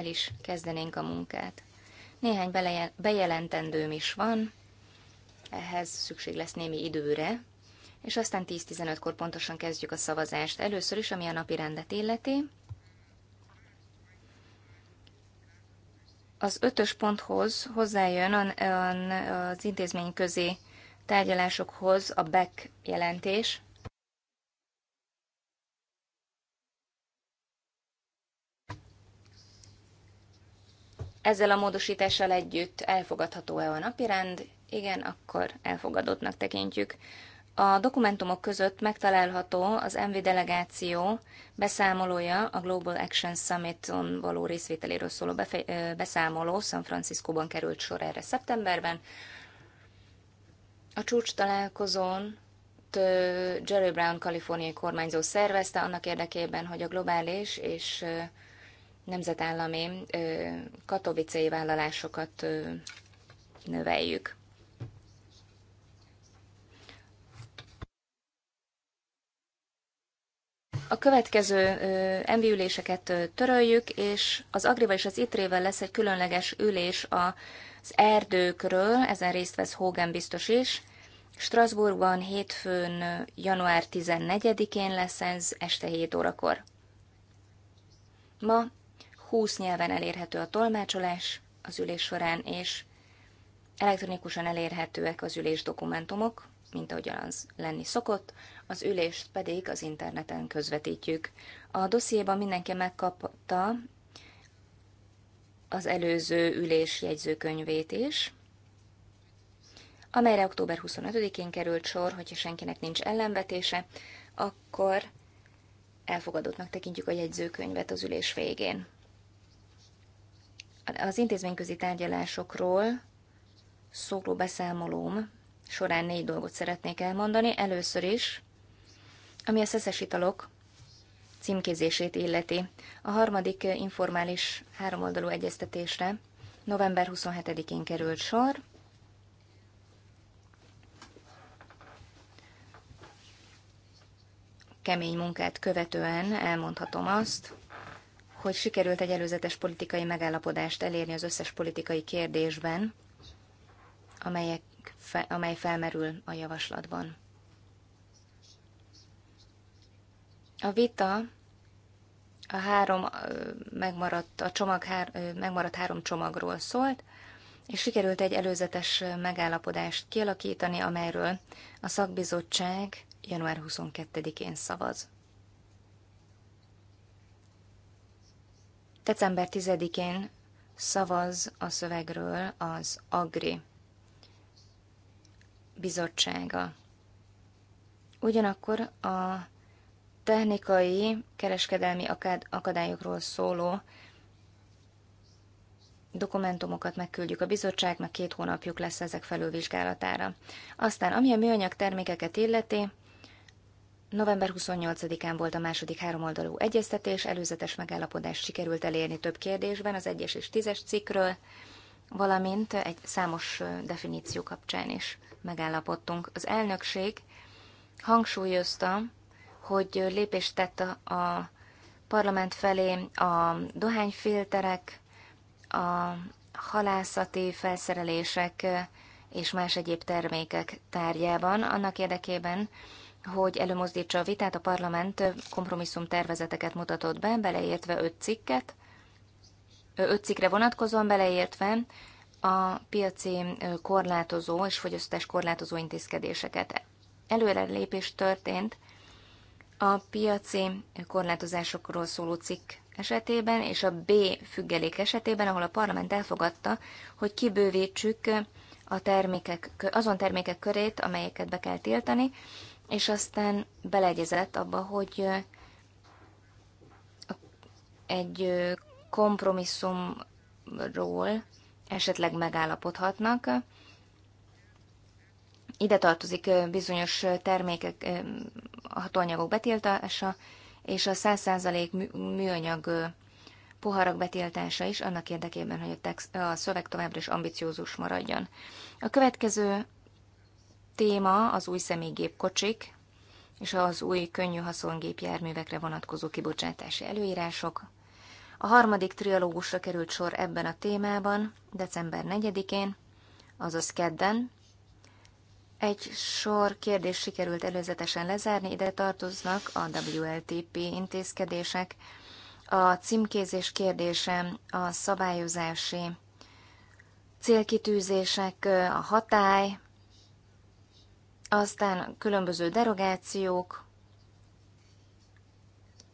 el is kezdenénk a munkát. Néhány bejelentendőm is van, ehhez szükség lesz némi időre, és aztán 10-15-kor pontosan kezdjük a szavazást. Először is, ami a napi rendet illeti. Az ötös ponthoz hozzájön az intézmény közé tárgyalásokhoz a BEC jelentés, Ezzel a módosítással együtt elfogadható-e a napirend? Igen, akkor elfogadottnak tekintjük. A dokumentumok között megtalálható az MV delegáció beszámolója a Global Action Summit-on való részvételéről szóló beszámoló. San Franciscóban került sor erre szeptemberben. A csúcs találkozón Jerry Brown kaliforniai kormányzó szervezte annak érdekében, hogy a globális és nemzetállami katovicei vállalásokat növeljük. A következő MV üléseket töröljük, és az Agrival és az Itrével lesz egy különleges ülés az erdőkről, ezen részt vesz Hogan biztos is. Strasbourgban hétfőn, január 14-én lesz ez, este 7 órakor. Ma 20 nyelven elérhető a tolmácsolás az ülés során, és elektronikusan elérhetőek az ülés dokumentumok, mint ahogyan az lenni szokott, az ülést pedig az interneten közvetítjük. A dossziéban mindenki megkapta az előző ülés jegyzőkönyvét is, amelyre október 25-én került sor, hogyha senkinek nincs ellenvetése, akkor elfogadottnak tekintjük a jegyzőkönyvet az ülés végén az intézményközi tárgyalásokról szóló beszámolóm során négy dolgot szeretnék elmondani. Először is, ami a szeszes italok címkézését illeti. A harmadik informális háromoldalú egyeztetésre november 27-én került sor. Kemény munkát követően elmondhatom azt, hogy sikerült egy előzetes politikai megállapodást elérni az összes politikai kérdésben, amelyek, fe, amely felmerül a javaslatban. A vita a három megmaradt, a csomag hár, megmaradt három csomagról szólt, és sikerült egy előzetes megállapodást kialakítani, amelyről a szakbizottság január 22-én szavaz. December 10-én szavaz a szövegről az Agri bizottsága. Ugyanakkor a technikai kereskedelmi akadályokról szóló dokumentumokat megküldjük a bizottságnak, két hónapjuk lesz ezek felülvizsgálatára. Aztán, ami a műanyag termékeket illeti, November 28-án volt a második háromoldalú egyeztetés, előzetes megállapodást sikerült elérni több kérdésben az 1-es és 10-es cikkről, valamint egy számos definíció kapcsán is megállapodtunk. Az elnökség hangsúlyozta, hogy lépést tett a, a parlament felé a dohányfilterek, a halászati felszerelések és más egyéb termékek tárgyában, annak érdekében, hogy előmozdítsa a vitát, a parlament kompromisszum tervezeteket mutatott be, beleértve öt cikket, öt cikkre vonatkozóan beleértve a piaci korlátozó és fogyasztás korlátozó intézkedéseket. Előre lépés történt a piaci korlátozásokról szóló cikk esetében és a B függelék esetében, ahol a parlament elfogadta, hogy kibővítsük a termékek, azon termékek körét, amelyeket be kell tiltani, és aztán beleegyezett abba, hogy egy kompromisszumról esetleg megállapodhatnak. Ide tartozik bizonyos termékek, hatóanyagok betiltása, és a 100% műanyag poharak betiltása is, annak érdekében, hogy a, text, a szöveg továbbra is ambiciózus maradjon. A következő téma az új személygépkocsik és az új könnyű haszongépjárművekre vonatkozó kibocsátási előírások. A harmadik trialógusra került sor ebben a témában december 4-én, azaz kedden. Egy sor kérdés sikerült előzetesen lezárni, ide tartoznak a WLTP intézkedések, a címkézés kérdése, a szabályozási célkitűzések, a hatály, aztán különböző derogációk,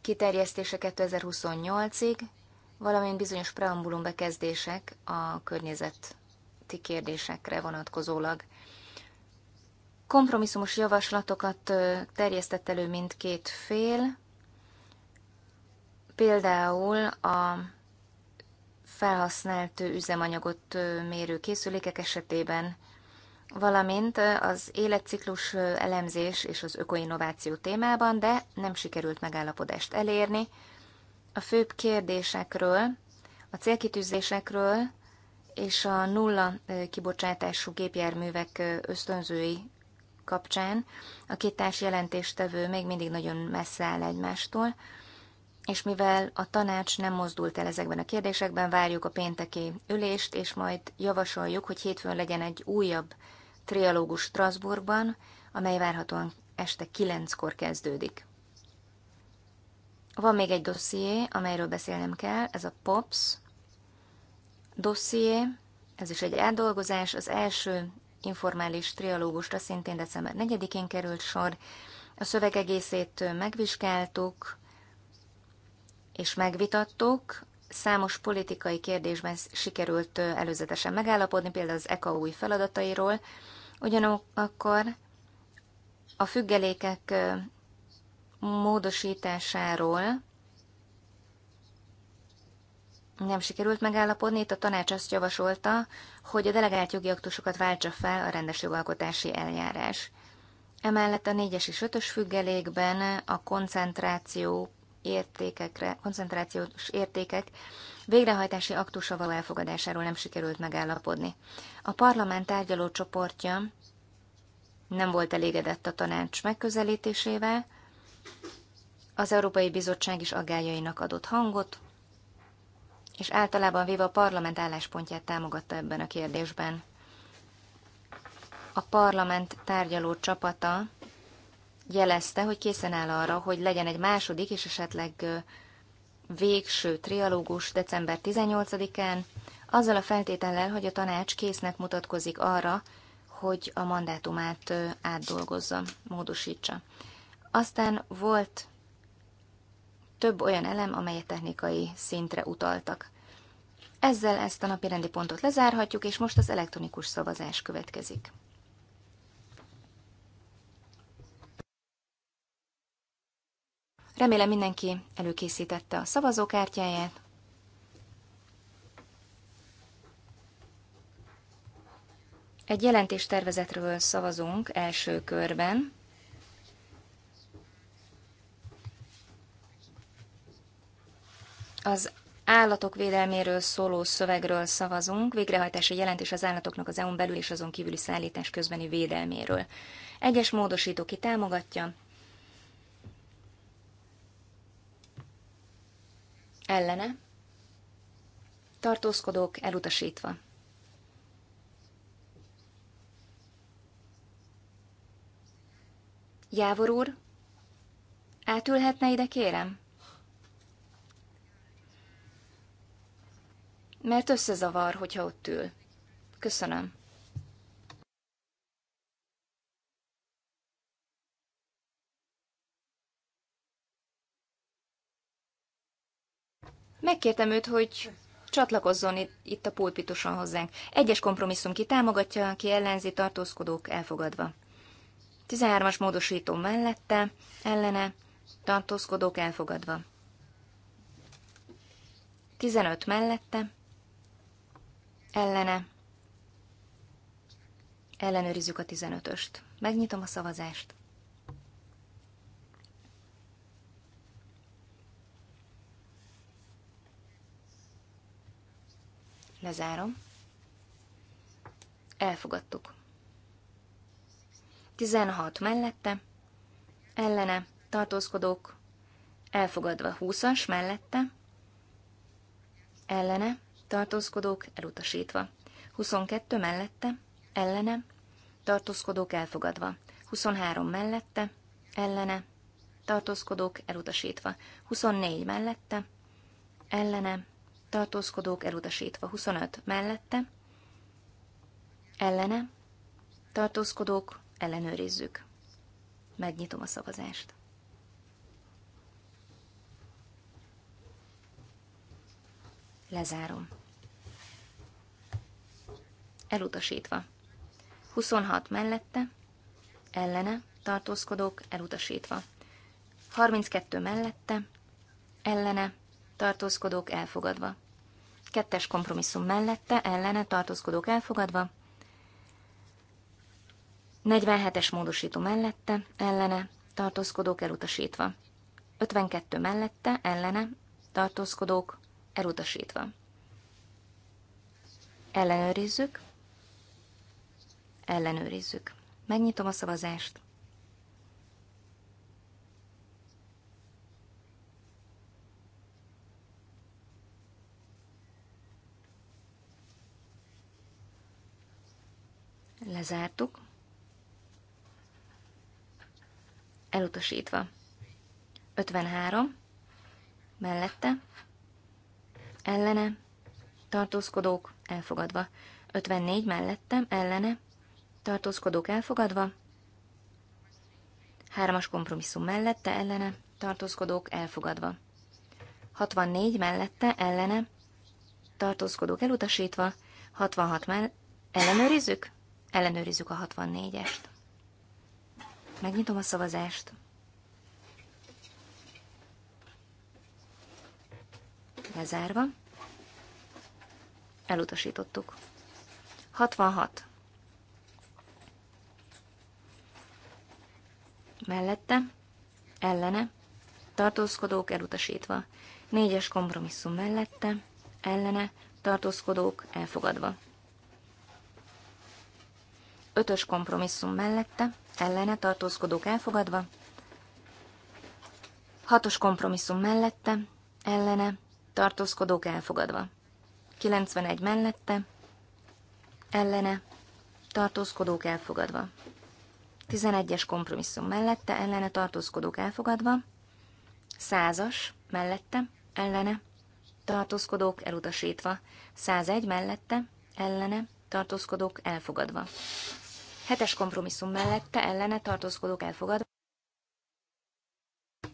kiterjesztése 2028-ig, valamint bizonyos preambulum bekezdések a környezeti kérdésekre vonatkozólag. Kompromisszumos javaslatokat terjesztett elő mindkét fél, például a felhasznált üzemanyagot mérő készülékek esetében valamint az életciklus elemzés és az ökoinnováció témában, de nem sikerült megállapodást elérni. A főbb kérdésekről, a célkitűzésekről és a nulla kibocsátású gépjárművek ösztönzői kapcsán a két társ jelentéstevő még mindig nagyon messze áll egymástól, és mivel a tanács nem mozdult el ezekben a kérdésekben, várjuk a pénteki ülést, és majd javasoljuk, hogy hétfőn legyen egy újabb trialógus Strasbourgban, amely várhatóan este kilenckor kezdődik. Van még egy dosszié, amelyről beszélnem kell, ez a POPS dosszié, ez is egy átdolgozás, az első informális trialógusra szintén december 4-én került sor, a szöveg egészét megvizsgáltuk, és megvitattuk, számos politikai kérdésben sikerült előzetesen megállapodni, például az ECA új feladatairól, Ugyanakkor a függelékek módosításáról nem sikerült megállapodni, itt a tanács azt javasolta, hogy a delegált jogi aktusokat váltsa fel a rendes jogalkotási eljárás. Emellett a 4-es és 5-ös függelékben a koncentráció értékekre, koncentrációs értékek végrehajtási aktusa való elfogadásáról nem sikerült megállapodni. A parlament tárgyaló csoportja nem volt elégedett a tanács megközelítésével, az Európai Bizottság is aggájainak adott hangot, és általában véve a parlament álláspontját támogatta ebben a kérdésben. A parlament tárgyaló csapata jelezte, hogy készen áll arra, hogy legyen egy második és esetleg végső trialógus december 18-án, azzal a feltétellel, hogy a tanács késznek mutatkozik arra, hogy a mandátumát átdolgozza, módosítsa. Aztán volt több olyan elem, amelyet technikai szintre utaltak. Ezzel ezt a napi rendi pontot lezárhatjuk, és most az elektronikus szavazás következik. Remélem mindenki előkészítette a szavazókártyáját. Egy jelentéstervezetről szavazunk első körben. Az állatok védelméről szóló szövegről szavazunk, végrehajtási jelentés az állatoknak az EU-n belül és azon kívüli szállítás közbeni védelméről. Egyes módosító ki támogatja, ellene, tartózkodók elutasítva. Jávor úr, átülhetne ide, kérem? Mert összezavar, hogyha ott ül. Köszönöm. Megkértem őt, hogy csatlakozzon itt a pulpituson hozzánk. Egyes kompromisszum ki támogatja, ki ellenzi, tartózkodók elfogadva. 13-as módosító mellette, ellene, tartózkodók elfogadva. 15 mellette, ellene, ellenőrizzük a 15-öst. Megnyitom a szavazást. Lezárom. Elfogadtuk. 16 mellette, ellene, tartózkodók, elfogadva 20-as mellette, ellene, tartózkodók, elutasítva. 22 mellette, ellene, tartózkodók elfogadva. 23 mellette, ellene, tartózkodók elutasítva. 24 mellette, ellene, tartózkodók elutasítva 25 mellette, ellene, tartózkodók ellenőrizzük. Megnyitom a szavazást. Lezárom. Elutasítva. 26 mellette, ellene, tartózkodók elutasítva. 32 mellette, ellene, tartózkodók elfogadva. Kettes kompromisszum mellette, ellene tartózkodók elfogadva. 47-es módosító mellette, ellene tartózkodók elutasítva. 52 mellette, ellene tartózkodók elutasítva. Ellenőrizzük. Ellenőrizzük. Megnyitom a szavazást. Lezártuk. Elutasítva. 53. Mellette. Ellene. Tartózkodók elfogadva. 54 mellette ellene. Tartózkodók elfogadva. 3-as kompromisszum mellette, ellene. Tartózkodók elfogadva. 64 mellette, ellene. Tartózkodók elutasítva. 66 mell... Ellenőrizzük? Ellenőrizzük a 64-est. Megnyitom a szavazást. Lezárva. Elutasítottuk. 66. Mellette, ellene, tartózkodók elutasítva. Négyes kompromisszum mellette, ellene, tartózkodók elfogadva. Ötös kompromisszum mellette, ellene tartózkodók elfogadva. Hatos kompromisszum mellette, ellene tartózkodók elfogadva. 91 mellette, ellene tartózkodók elfogadva. 11-es kompromisszum mellette, ellene tartózkodók elfogadva. 100-as mellette, ellene tartózkodók elutasítva. 101 mellette, ellene tartózkodók elfogadva. Hetes kompromisszum mellette ellene tartózkodók elfogadva.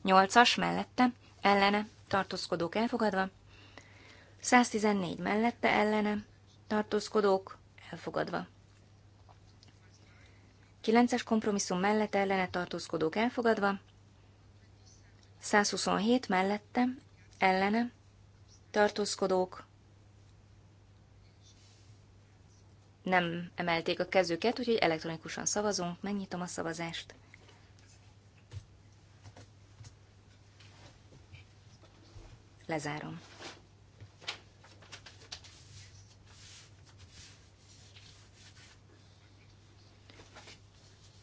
Nyolcas mellette ellene tartózkodók elfogadva. 114 mellette ellene tartózkodók elfogadva. 9-es kompromisszum mellett ellene tartózkodók elfogadva, 127 mellette ellene tartózkodók nem emelték a kezüket, úgyhogy elektronikusan szavazunk. Megnyitom a szavazást. Lezárom.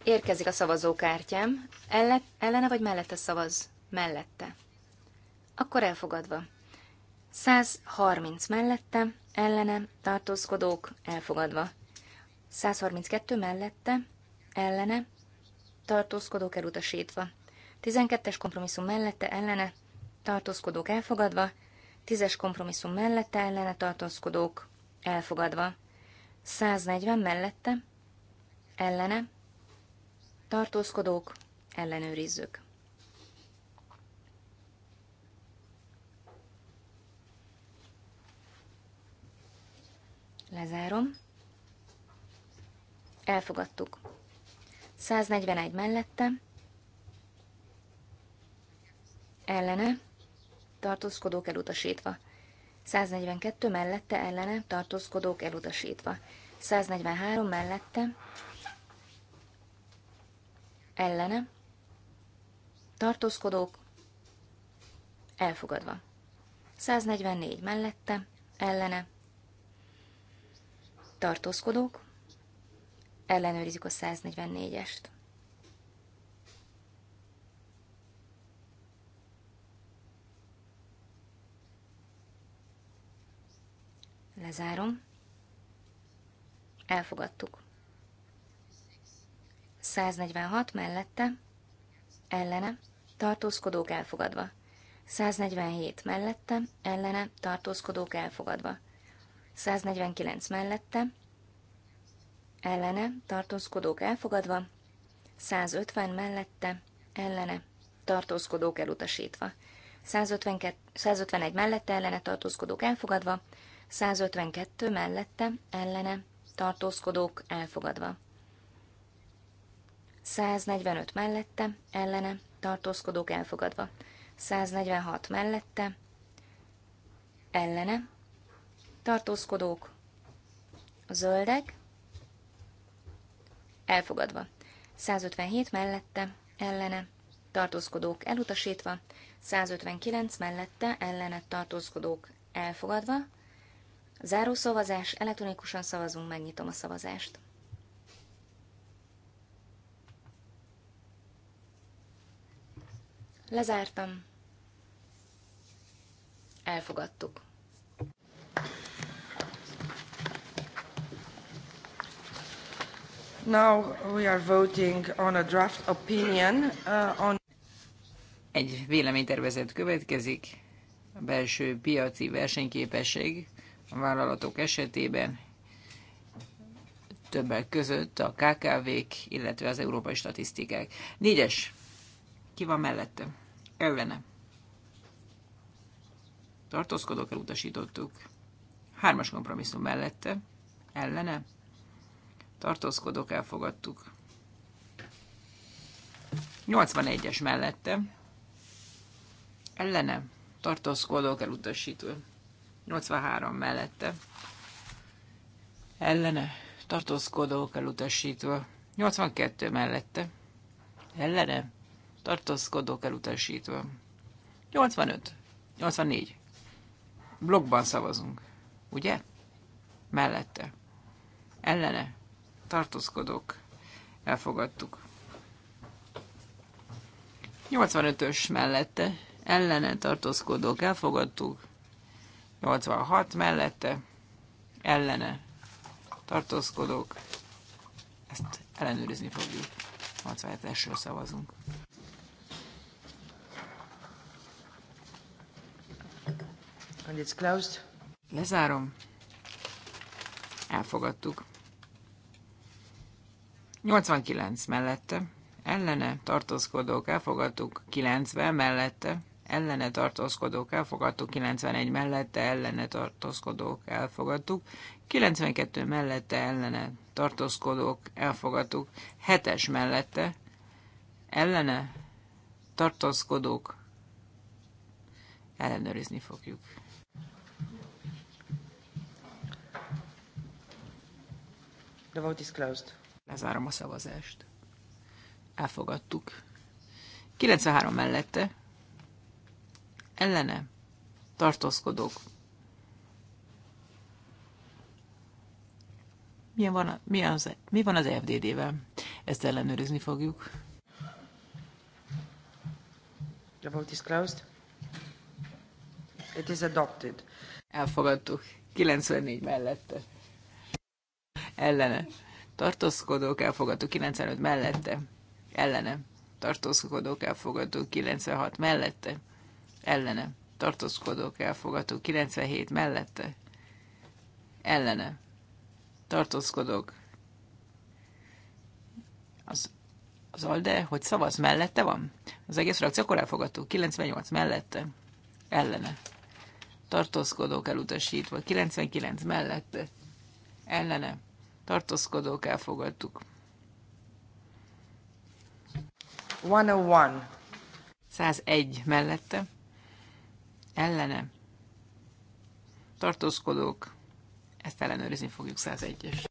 Érkezik a szavazókártyám. Elle, ellene vagy mellette szavaz? Mellette. Akkor elfogadva. 130 mellette, ellene tartózkodók elfogadva. 132 mellette, ellene tartózkodók elutasítva. 12-es kompromisszum mellette, ellene tartózkodók elfogadva. 10-es kompromisszum mellette, ellene tartózkodók elfogadva. 140 mellette, ellene tartózkodók ellenőrizzük. Lezárom. Elfogadtuk. 141 mellette. Ellene. Tartózkodók elutasítva. 142 mellette ellene tartózkodók elutasítva. 143 mellette ellene tartózkodók elfogadva. 144 mellette ellene tartózkodók, ellenőrizzük a 144-est. Lezárom. Elfogadtuk. 146 mellette, ellene, tartózkodók elfogadva. 147 mellette, ellene, tartózkodók elfogadva. 149 mellette, ellene, tartózkodók elfogadva, 150 mellette, ellene, tartózkodók elutasítva, 152, 151 mellette, ellene, tartózkodók elfogadva, 152 mellette, ellene, tartózkodók elfogadva. 145 mellette, ellene, tartózkodók elfogadva. 146 mellette, ellene, tartózkodók, a zöldek, elfogadva. 157 mellette, ellene, tartózkodók elutasítva, 159 mellette, ellene tartózkodók elfogadva. Záró szavazás, elektronikusan szavazunk, megnyitom a szavazást. Lezártam. Elfogadtuk. Now we are voting on a draft opinion uh, on egy véleménytervezet következik, a belső piaci versenyképesség a vállalatok esetében, többek között a KKV-k, illetve az európai statisztikák. Négyes, ki van mellette? Ellene. Tartózkodok, elutasítottuk. Hármas kompromisszum mellette. Ellene tartózkodók elfogadtuk. 81-es mellette ellene tartózkodók elutasítva. 83 mellette ellene tartózkodók elutasítva. 82 mellette ellene tartózkodók elutasítva. 85, 84. Blokkban szavazunk, ugye? Mellette. Ellene tartózkodók elfogadtuk. 85-ös mellette ellene tartózkodók elfogadtuk, 86 mellette ellene tartózkodók, ezt ellenőrizni fogjuk. 87-esről szavazunk. And it's closed. Lezárom. Elfogadtuk. 89 mellette, ellene tartózkodók elfogadtuk 90 mellette, ellene tartózkodók elfogadtuk, 91 mellette ellene tartózkodók elfogadtuk, 92 mellette ellene tartózkodók elfogadtuk, 7-es mellette ellene tartózkodók ellenőrizni fogjuk. The vote is closed. Lezárom a szavazást. Elfogadtuk. 93 mellette. Ellene. Tartózkodók. Milyen van, a, mi, az, mi van az FDD-vel? Ezt ellenőrizni fogjuk. The vote is closed. It is adopted. Elfogadtuk. 94 mellette. Ellene tartózkodók elfogadó 95 mellette, ellene tartózkodók elfogadó 96 mellette, ellene tartózkodók elfogadó 97 mellette, ellene tartózkodók az, az ALDE, hogy szavaz mellette van? Az egész frakció akkor elfogadó 98 mellette, ellene tartózkodók elutasítva 99 mellette, ellene tartózkodók elfogadtuk. 101. 101 mellette. Ellene. Tartózkodók. Ezt ellenőrizni fogjuk 101-es.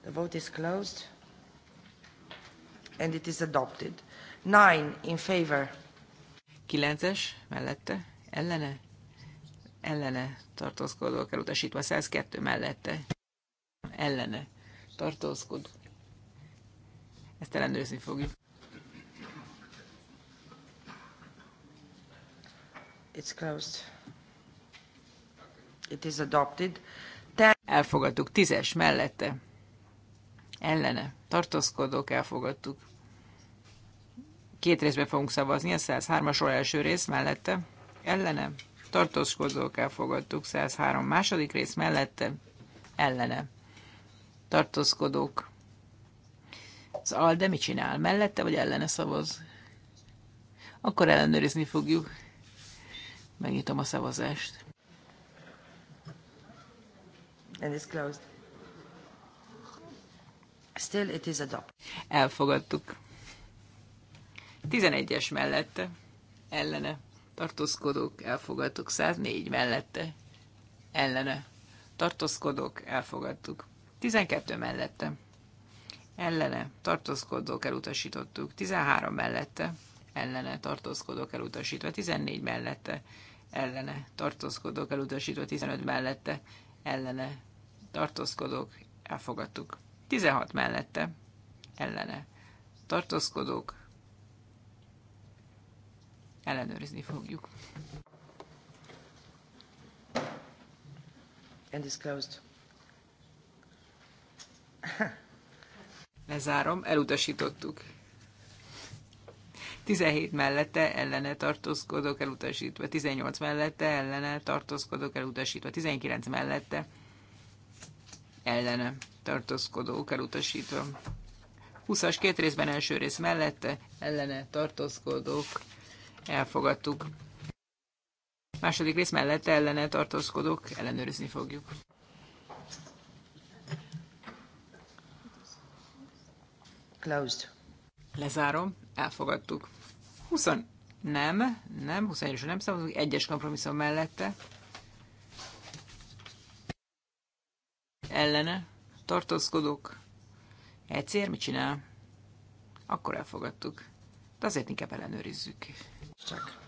The vote is closed. And it is adopted. Nine in favor. Kilences? mellette. Ellene ellene tartózkodók elutasítva, 102 mellette ellene tartózkodók. Ezt ellenőrizni fogjuk. It's closed. It is adopted. Ten... Elfogadtuk. Tízes mellette. Ellene. Tartózkodók elfogadtuk. Két részben fogunk szavazni. A 103-asról első rész mellette. Ellene tartózkodók elfogadtuk, 103 második rész mellette, ellene tartózkodók. Az de mit csinál? Mellette vagy ellene szavaz? Akkor ellenőrizni fogjuk. Megnyitom a szavazást. And it's closed. Still it is adopted. Elfogadtuk. 11-es mellette. Ellene tartózkodok, elfogadtuk. 104 mellette, ellene, tartózkodok, elfogadtuk. 12 mellette, ellene, tartózkodok, elutasítottuk. 13 mellette, ellene, tartózkodok, elutasítva. 14 mellette, ellene, tartózkodok, elutasítva. 15 mellette, ellene, tartózkodok, elfogadtuk. 16 mellette, ellene, tartózkodok, ellenőrizni fogjuk. And is closed. Lezárom, elutasítottuk. 17 mellette ellene tartózkodok elutasítva, 18 mellette ellene tartózkodok elutasítva, 19 mellette ellene tartózkodók elutasítva. 20-as két részben első rész mellette ellene tartózkodók Elfogadtuk. Második rész mellett ellene tartózkodok, ellenőrizni fogjuk. Closed. Lezárom, elfogadtuk. 20 nem, nem, 21 nem szavazunk, egyes kompromisszum mellette. Ellene tartózkodok. Egyszer mit csinál? Akkor elfogadtuk. De azért inkább ellenőrizzük. Csak.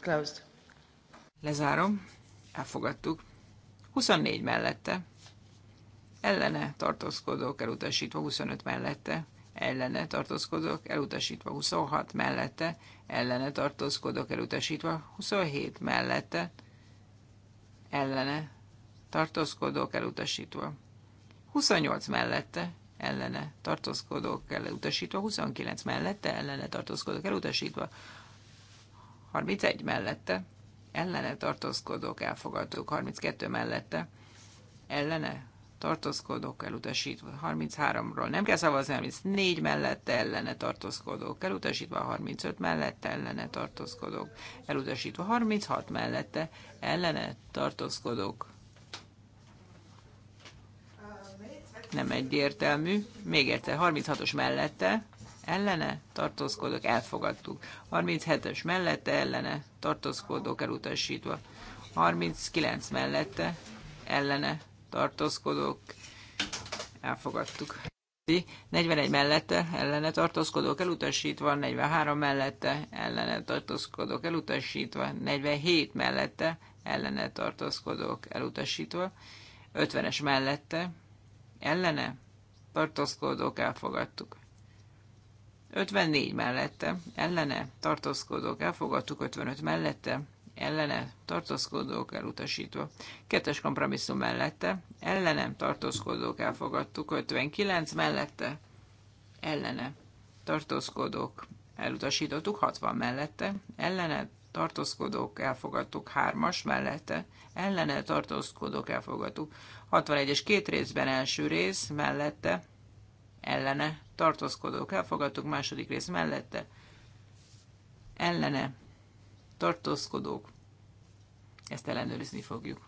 Closed. Lezárom. Elfogadtuk. 24 mellette. Ellene tartózkodók elutasítva 25 mellette. Ellene tartózkodók elutasítva 26 mellette. Ellene tartózkodók elutasítva 27 mellette. Ellene tartózkodók elutasítva. 28 mellette ellene tartózkodók elutasítva, 29 mellette ellene tartózkodók elutasítva, 31 mellette ellene tartózkodók elfogadók, 32 mellette ellene tartózkodók elutasítva, 33-ról nem kell szavazni, 34 mellette ellene tartózkodók elutasítva, 35 mellette ellene tartózkodók elutasítva, 36 mellette ellene tartózkodók nem egyértelmű. Még egyszer, 36-os mellette, ellene, tartózkodok, elfogadtuk. 37-es mellette, ellene, tartózkodok, elutasítva. 39 mellette, ellene, tartózkodok, elfogadtuk. 41 mellette ellene tartózkodok, elutasítva, 43 mellette ellene tartózkodok, elutasítva, 47 mellette ellene tartózkodok, elutasítva, 50-es mellette ellene tartózkodók elfogadtuk. 54 mellette, ellene tartózkodók elfogadtuk, 55 mellette, ellene tartózkodók elutasítva. Kettes kompromisszum mellette, ellene tartózkodók elfogadtuk, 59 mellette, ellene tartózkodók elutasítottuk, 60 mellette, ellene tartózkodók elfogadtuk, 3-as mellette, ellene tartózkodók elfogadtuk, 61 és két részben első rész mellette ellene tartózkodók elfogadtuk, második rész mellette ellene tartózkodók. Ezt ellenőrizni fogjuk.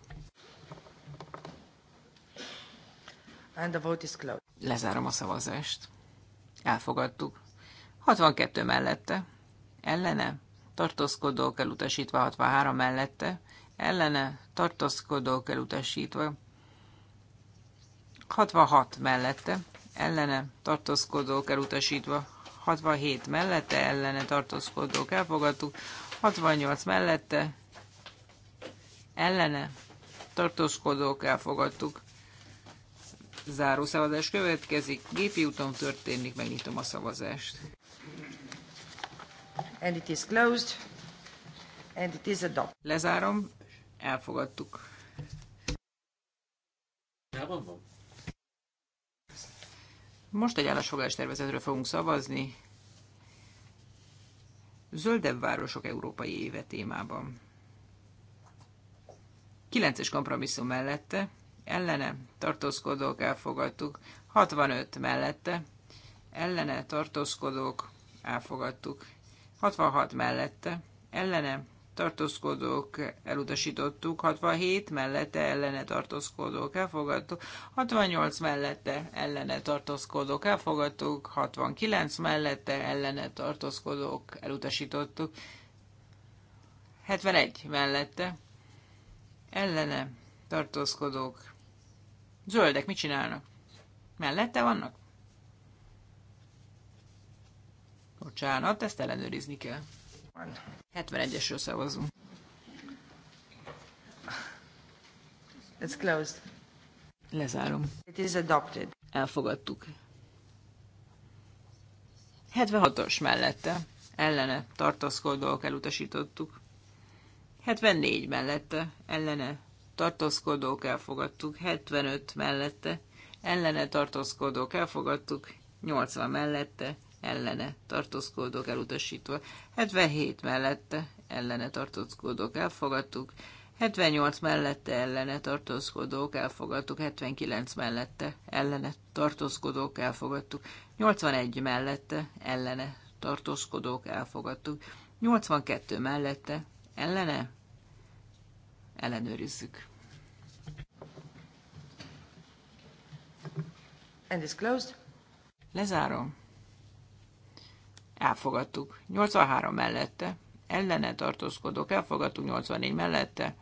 And the vote is closed. Lezárom a szavazást. Elfogadtuk. 62 mellette. Ellene. Tartózkodók elutasítva 63 mellette. Ellene. Tartózkodók elutasítva 66 mellette, ellene tartózkodók elutasítva, 67 mellette, ellene tartózkodók elfogadtuk, 68 mellette, ellene tartózkodók elfogadtuk. Záró szavazás következik, gépi úton történik, megnyitom a szavazást. And it is closed. And it is adopted. Lezárom, elfogadtuk.Ában van? Most egy állásfoglalás tervezetről fogunk szavazni. Zöldebb városok európai éve témában. 9-es kompromisszum mellette, ellene tartózkodók elfogadtuk, 65 mellette, ellene tartózkodók elfogadtuk, 66 mellette, ellene tartózkodók elutasítottuk, 67 mellette ellene tartózkodók elfogadtuk, 68 mellette ellene tartózkodók elfogadtuk, 69 mellette ellene tartózkodók elutasítottuk, 71 mellette ellene tartózkodók. Zöldek mit csinálnak? Mellette vannak? Bocsánat, ezt ellenőrizni kell. 71-esről szavazunk. It's closed. Lezárom. It is adopted. Elfogadtuk. 76-os mellette. Ellene tartózkodók elutasítottuk. 74 mellette. Ellene tartózkodók elfogadtuk. 75 mellette. Ellene tartózkodók elfogadtuk. 80 mellette ellene tartózkodók elutasítva, 77 mellette ellene tartózkodók elfogadtuk, 78 mellette ellene tartózkodók elfogadtuk, 79 mellette ellene tartózkodók elfogadtuk, 81 mellette ellene tartózkodók elfogadtuk, 82 mellette ellene ellenőrizzük. And it's closed. Lezárom elfogadtuk. 83 mellette, ellene tartózkodok, elfogadtuk. 84 mellette,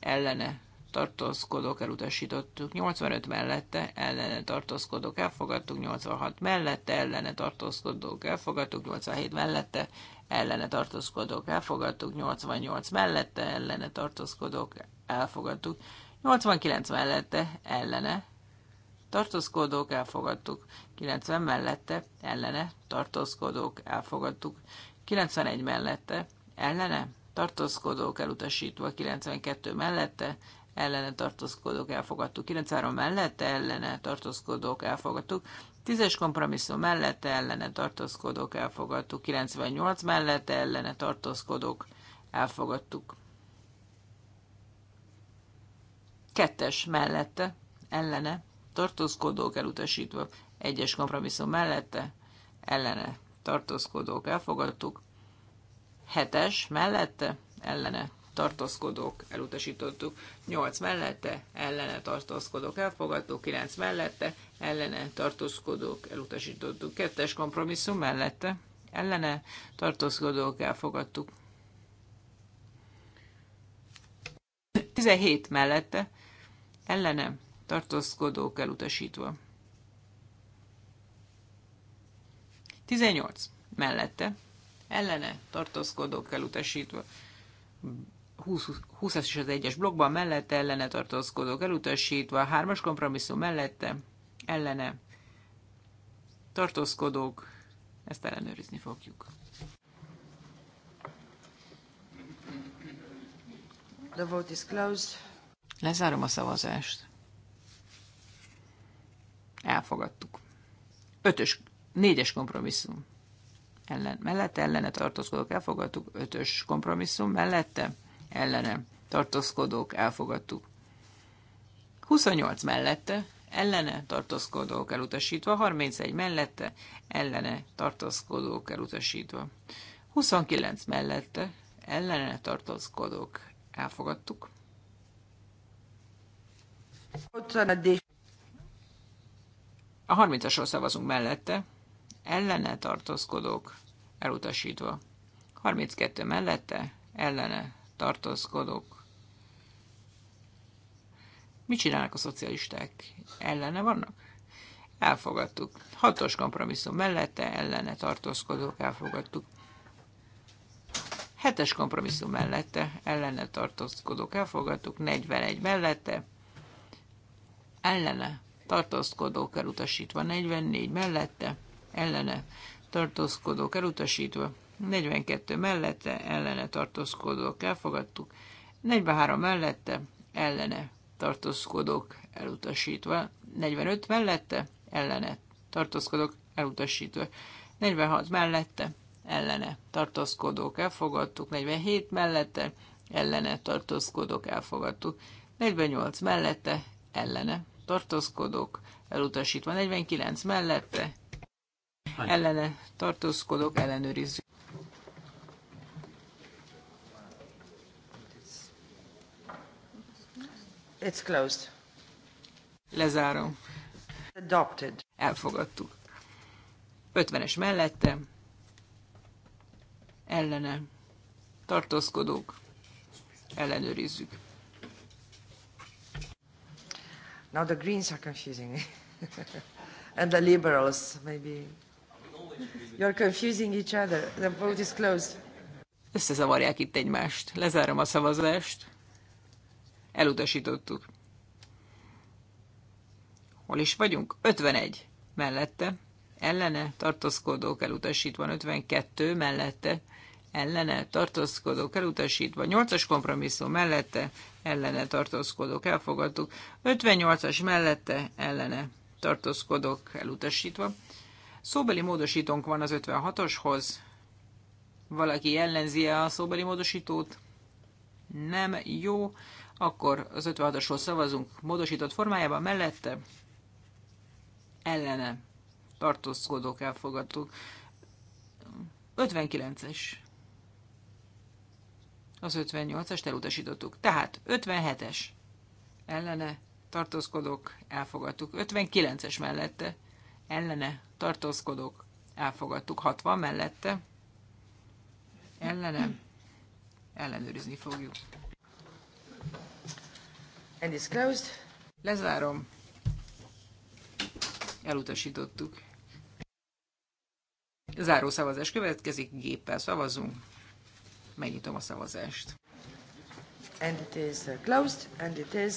ellene tartózkodok, elutasítottuk. 85 mellette, ellene tartózkodok, elfogadtuk. 86 mellette, ellene tartózkodok, elfogadtuk. 87 mellette, ellene tartózkodok, elfogadtuk. 88 mellette, ellene tartózkodok, elfogadtuk. 89 mellette, ellene tartózkodók elfogadtuk, 90 mellette ellene tartózkodók elfogadtuk, 91 mellette ellene tartózkodók elutasítva, 92 mellette ellene tartózkodók elfogadtuk, 93 mellette ellene tartózkodók elfogadtuk, 10-es kompromisszum mellette ellene tartózkodók elfogadtuk, 98 mellette ellene tartózkodók elfogadtuk. Kettes mellette ellene tartózkodók elutasítva, egyes kompromisszum mellette, ellene tartózkodók elfogadtuk, hetes mellette, ellene tartózkodók elutasítottuk, 8 mellette, ellene tartózkodók elfogadtuk, 9 mellette, ellene tartózkodók elutasítottuk, Kettes kompromisszum mellette, ellene tartózkodók elfogadtuk. 17 mellette, ellene tartózkodók elutasítva. 18. Mellette, ellene, tartózkodók elutasítva. 20, 20-as is az egyes blokkban, mellette, ellene, tartózkodók elutasítva. 3-as kompromisszum mellette, ellene, tartózkodók, ezt ellenőrizni fogjuk. The vote is closed. Lezárom a szavazást elfogadtuk. Ötös, négyes kompromisszum ellen, mellette ellene tartózkodók elfogadtuk, ötös kompromisszum mellette ellene tartózkodók elfogadtuk. 28 mellette ellene tartózkodók elutasítva, 31 mellette ellene tartózkodók elutasítva. 29 mellette ellene tartózkodók elfogadtuk. A 30-asról szavazunk mellette, ellene tartózkodók elutasítva. 32 mellette, ellene tartózkodók. Mit csinálnak a szocialisták? Ellene vannak? Elfogadtuk. Hatos kompromisszum mellette, ellene tartózkodók, elfogadtuk. Hetes kompromisszum mellette, ellene tartózkodók, elfogadtuk. 41 mellette, ellene tartózkodók elutasítva, 44 mellette, ellene tartózkodók elutasítva, 42 mellette, ellene tartózkodók elfogadtuk, 43 mellette, ellene tartózkodók elutasítva, 45 mellette, ellene tartózkodók elutasítva, 46 mellette, ellene tartózkodók elfogadtuk, 47 mellette, ellene tartózkodók elfogadtuk, 48 mellette, ellene tartózkodok, elutasítva. 49 mellette ellene tartózkodok, ellenőrizzük. It's closed. Lezárom. Adopted. Elfogadtuk. 50-es mellette ellene tartózkodók ellenőrizzük. Now the Greens are confusing me. and the Liberals, maybe. You're confusing each other. The vote is closed. Összezavarják itt egymást. Lezárom a szavazást. Elutasítottuk. Hol is vagyunk? 51 mellette. Ellene tartózkodók elutasítva 52 mellette. Ellene tartózkodók elutasítva 8-as kompromisszum mellette ellene tartózkodok, elfogadtuk, 58-as mellette ellene tartózkodok, elutasítva. Szóbeli módosítónk van az 56-oshoz. Valaki ellenzi -e a szóbeli módosítót? Nem jó. Akkor az 56 oshoz szavazunk módosított formájában mellette ellene tartózkodók elfogadtuk. 59-es az 58-est elutasítottuk. Tehát 57-es ellene tartózkodok, elfogadtuk. 59-es mellette ellene tartózkodok, elfogadtuk. 60 mellette ellene ellenőrizni fogjuk. And it's closed. Lezárom. Elutasítottuk. Záró szavazás következik, géppel szavazunk megnyitom a szavazást. And it is uh, closed, and it is...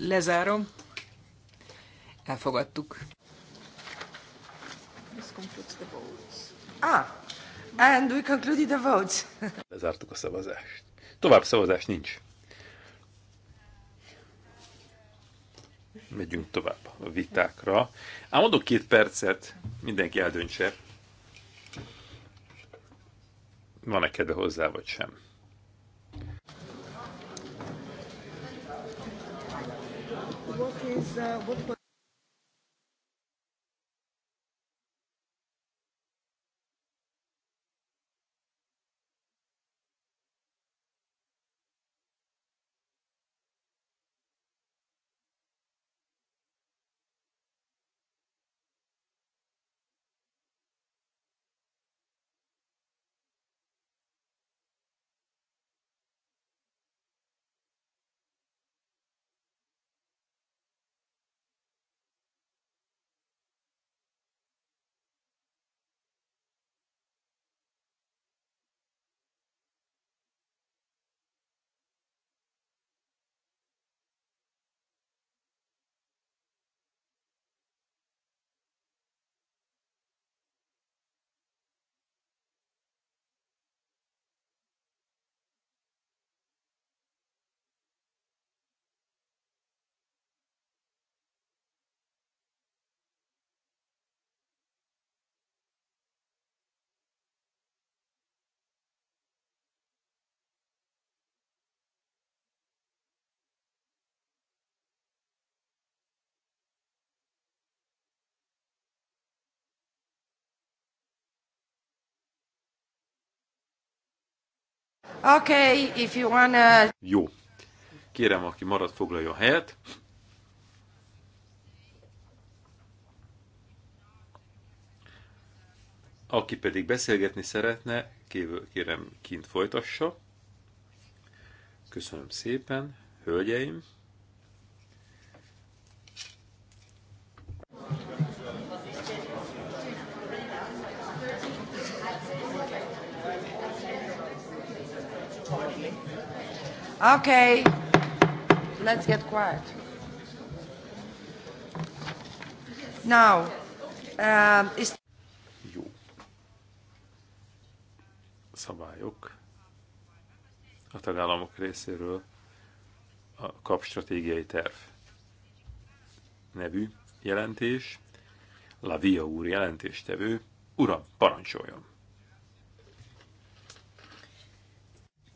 Lezárom. Elfogadtuk. Ah, and we concluded the votes. Lezártuk a szavazást. Tovább szavazás nincs. Megyünk tovább a vitákra. Ám adok két percet, mindenki eldöntse, van-e kedve hozzá, vagy sem. What is, uh, what Okay, if you wanna... Jó. Kérem, aki marad, foglalja a helyet. Aki pedig beszélgetni szeretne, kérem, kint folytassa. Köszönöm szépen, hölgyeim! Okay, let's get quiet. Now, um, is... Jó. Szabályok a tagállamok részéről a kapstratégiai terv nevű jelentés, Via úr jelentéstevő, uram, parancsoljon!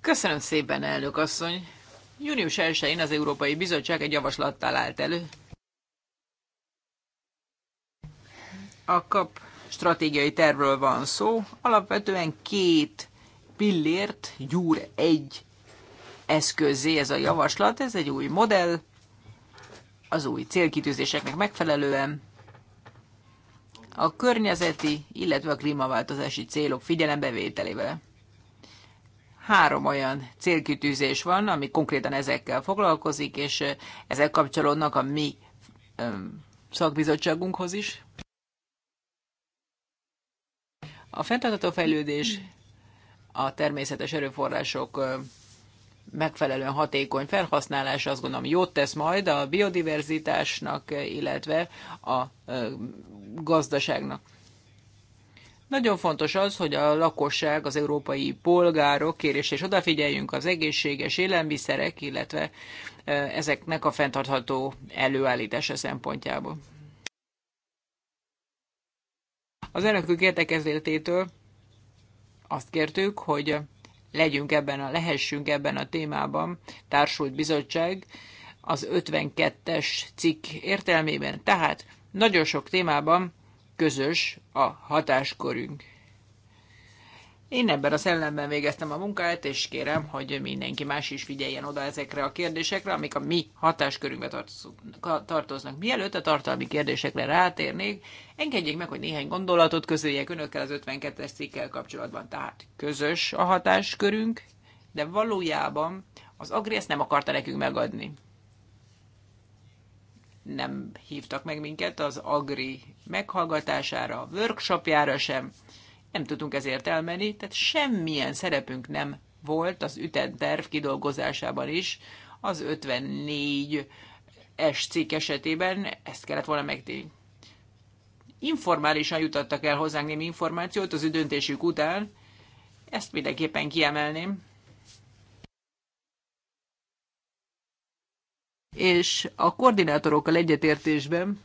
Köszönöm szépen, elnök asszony. Június 1-én az Európai Bizottság egy javaslattal állt elő. A kap stratégiai tervről van szó. Alapvetően két pillért gyúr egy eszközé ez a javaslat. Ez egy új modell, az új célkitűzéseknek megfelelően a környezeti, illetve a klímaváltozási célok figyelembevételével három olyan célkitűzés van, ami konkrétan ezekkel foglalkozik, és ezek kapcsolódnak a mi szakbizottságunkhoz is. A fenntartható fejlődés a természetes erőforrások megfelelően hatékony felhasználása azt gondolom jót tesz majd a biodiverzitásnak, illetve a gazdaságnak. Nagyon fontos az, hogy a lakosság, az európai polgárok kérés és odafigyeljünk az egészséges élelmiszerek, illetve e, ezeknek a fenntartható előállítása szempontjából. Az elnökök értekezletétől azt kértük, hogy legyünk ebben a, lehessünk ebben a témában társult bizottság az 52-es cikk értelmében. Tehát nagyon sok témában közös a hatáskorünk. Én ebben a szellemben végeztem a munkáját és kérem, hogy mindenki más is figyeljen oda ezekre a kérdésekre, amik a mi hatáskörünkbe tartoznak. Mielőtt a tartalmi kérdésekre rátérnék, engedjék meg, hogy néhány gondolatot közöljek önökkel az 52-es cikkel kapcsolatban. Tehát közös a hatáskörünk, de valójában az agri ezt nem akarta nekünk megadni nem hívtak meg minket az Agri meghallgatására, a workshopjára sem, nem tudtunk ezért elmenni, tehát semmilyen szerepünk nem volt az ütenterv kidolgozásában is, az 54 es cikk esetében ezt kellett volna megtenni. Informálisan jutottak el hozzánk némi információt az üdöntésük után, ezt mindenképpen kiemelném. és a koordinátorokkal egyetértésben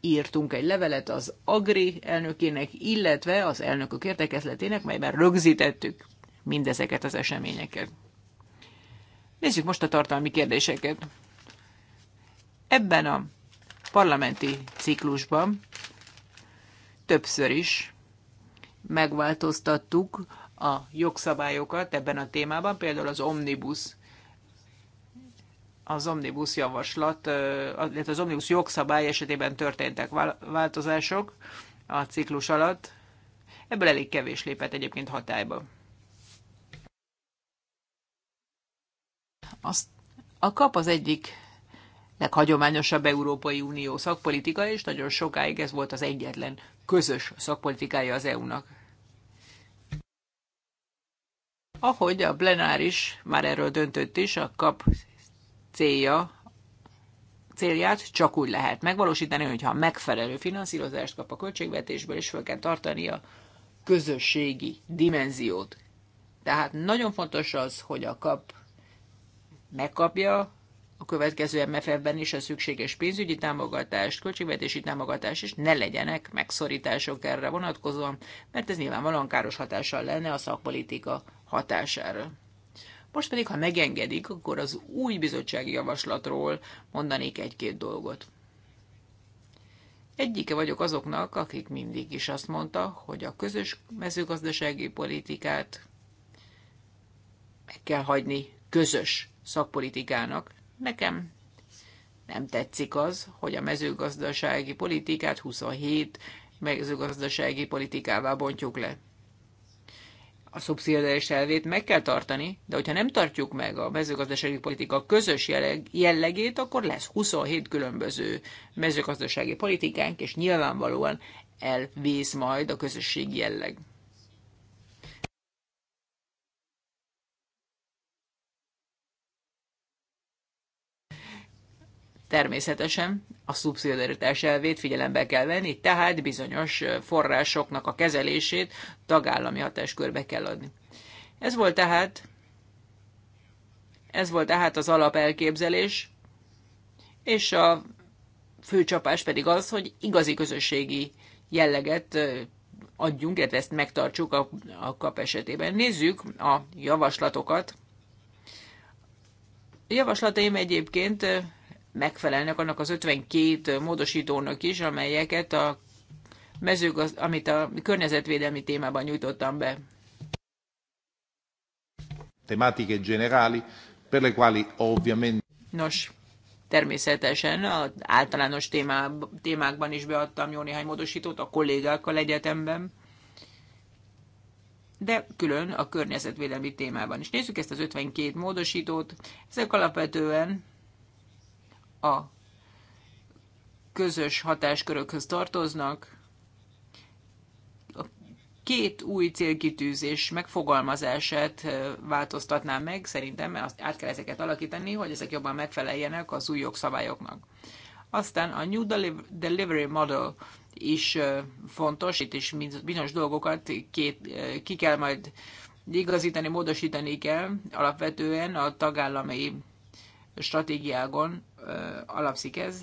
írtunk egy levelet az Agri elnökének, illetve az elnökök értekezletének, melyben rögzítettük mindezeket az eseményeket. Nézzük most a tartalmi kérdéseket. Ebben a parlamenti ciklusban többször is megváltoztattuk a jogszabályokat ebben a témában, például az Omnibus az omnibus javaslat, illetve az omnibus jogszabály esetében történtek változások a ciklus alatt. Ebből elég kevés lépett egyébként hatályba. Azt, a KAP az egyik leghagyományosabb Európai Unió szakpolitika, és nagyon sokáig ez volt az egyetlen közös szakpolitikája az EU-nak. Ahogy a plenáris már erről döntött is, a KAP célja, célját csak úgy lehet megvalósítani, hogyha megfelelő finanszírozást kap a költségvetésből, és fel kell tartani a közösségi dimenziót. Tehát nagyon fontos az, hogy a kap megkapja a következő MFF-ben is a szükséges pénzügyi támogatást, költségvetési támogatást, és ne legyenek megszorítások erre vonatkozóan, mert ez nyilvánvalóan káros hatással lenne a szakpolitika hatására. Most pedig, ha megengedik, akkor az új bizottsági javaslatról mondanék egy-két dolgot. Egyike vagyok azoknak, akik mindig is azt mondta, hogy a közös mezőgazdasági politikát meg kell hagyni közös szakpolitikának. Nekem nem tetszik az, hogy a mezőgazdasági politikát 27 mezőgazdasági politikává bontjuk le a szubszidiaritás elvét meg kell tartani, de hogyha nem tartjuk meg a mezőgazdasági politika közös jellegét, akkor lesz 27 különböző mezőgazdasági politikánk, és nyilvánvalóan elvész majd a közösség jelleg. Természetesen a szubszidiaritás elvét figyelembe kell venni, tehát bizonyos forrásoknak a kezelését tagállami hatáskörbe kell adni. Ez volt tehát ez volt tehát az alapelképzelés, és a főcsapás pedig az, hogy igazi közösségi jelleget adjunk, illetve ezt megtartsuk a, a kap esetében. Nézzük a javaslatokat. A javaslataim egyébként megfelelnek annak az 52 módosítónak is, amelyeket a mezőgazd, amit a környezetvédelmi témában nyújtottam be. Tematiche generali, per le quali ovviamente... Nos, természetesen az általános témá, témákban is beadtam jó néhány módosítót a kollégákkal egyetemben, de külön a környezetvédelmi témában is. Nézzük ezt az 52 módosítót. Ezek alapvetően a közös hatáskörökhöz tartoznak. A két új célkitűzés megfogalmazását változtatnám meg, szerintem, mert át kell ezeket alakítani, hogy ezek jobban megfeleljenek az új jogszabályoknak. Aztán a New Delivery Model is fontos, itt is bizonyos dolgokat két, ki kell majd igazítani, módosítani kell, alapvetően a tagállami stratégiákon alapszik ez.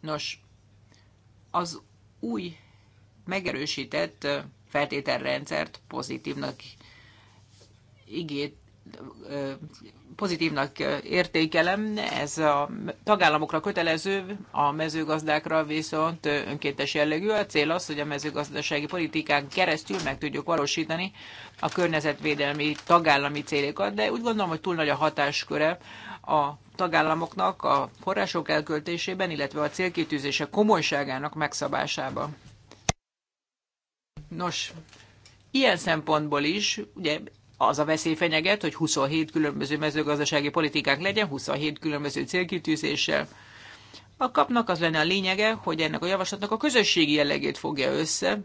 Nos, az új megerősített feltételrendszert pozitívnak ígét, pozitívnak értékelem, ez a tagállamokra kötelező, a mezőgazdákra viszont önkéntes jellegű. A cél az, hogy a mezőgazdasági politikán keresztül meg tudjuk valósítani a környezetvédelmi tagállami célokat, de úgy gondolom, hogy túl nagy a hatásköre a tagállamoknak a források elköltésében, illetve a célkitűzése komolyságának megszabásában. Nos, ilyen szempontból is, ugye az a veszély fenyeget, hogy 27 különböző mezőgazdasági politikák legyen, 27 különböző célkitűzéssel. A kapnak az lenne a lényege, hogy ennek a javaslatnak a közösségi jellegét fogja össze.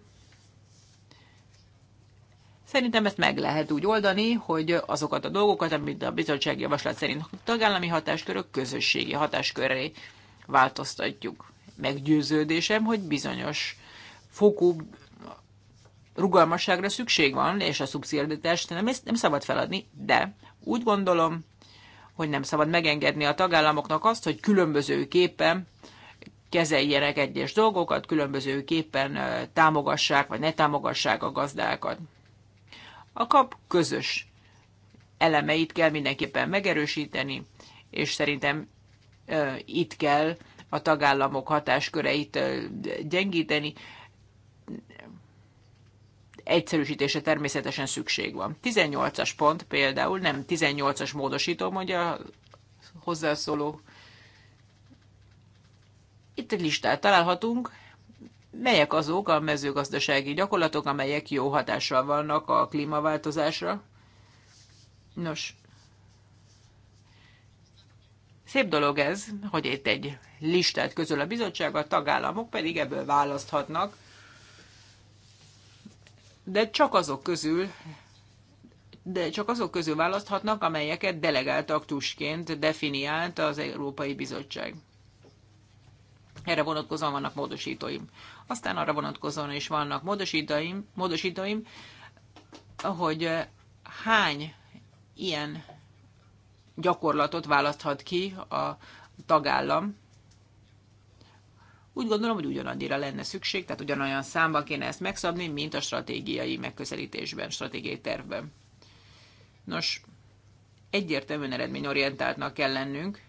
Szerintem ezt meg lehet úgy oldani, hogy azokat a dolgokat, amit a bizottság javaslat szerint tagállami hatáskörök közösségi hatáskörré változtatjuk. Meggyőződésem, hogy bizonyos fokú rugalmasságra szükség van, és a szubszidiaritást nem, nem szabad feladni, de úgy gondolom, hogy nem szabad megengedni a tagállamoknak azt, hogy különbözőképpen kezeljenek egyes dolgokat, különbözőképpen támogassák vagy ne támogassák a gazdákat. A kap közös elemeit kell mindenképpen megerősíteni, és szerintem itt kell a tagállamok hatásköreit gyengíteni egyszerűsítése természetesen szükség van. 18-as pont például, nem 18-as módosító, mondja hozzászóló. Itt egy listát találhatunk, melyek azok a mezőgazdasági gyakorlatok, amelyek jó hatással vannak a klímaváltozásra. Nos, szép dolog ez, hogy itt egy listát közöl a bizottság, a tagállamok pedig ebből választhatnak, de csak azok közül de csak azok közül választhatnak, amelyeket delegált aktusként definiált az Európai Bizottság. Erre vonatkozóan vannak módosítóim. Aztán arra vonatkozóan is vannak módosítóim, módosítóim hogy eh, hány ilyen gyakorlatot választhat ki a tagállam, úgy gondolom, hogy ugyanannyira lenne szükség, tehát ugyanolyan számban kéne ezt megszabni, mint a stratégiai megközelítésben, stratégiai tervben. Nos, egyértelműen eredményorientáltnak kell lennünk.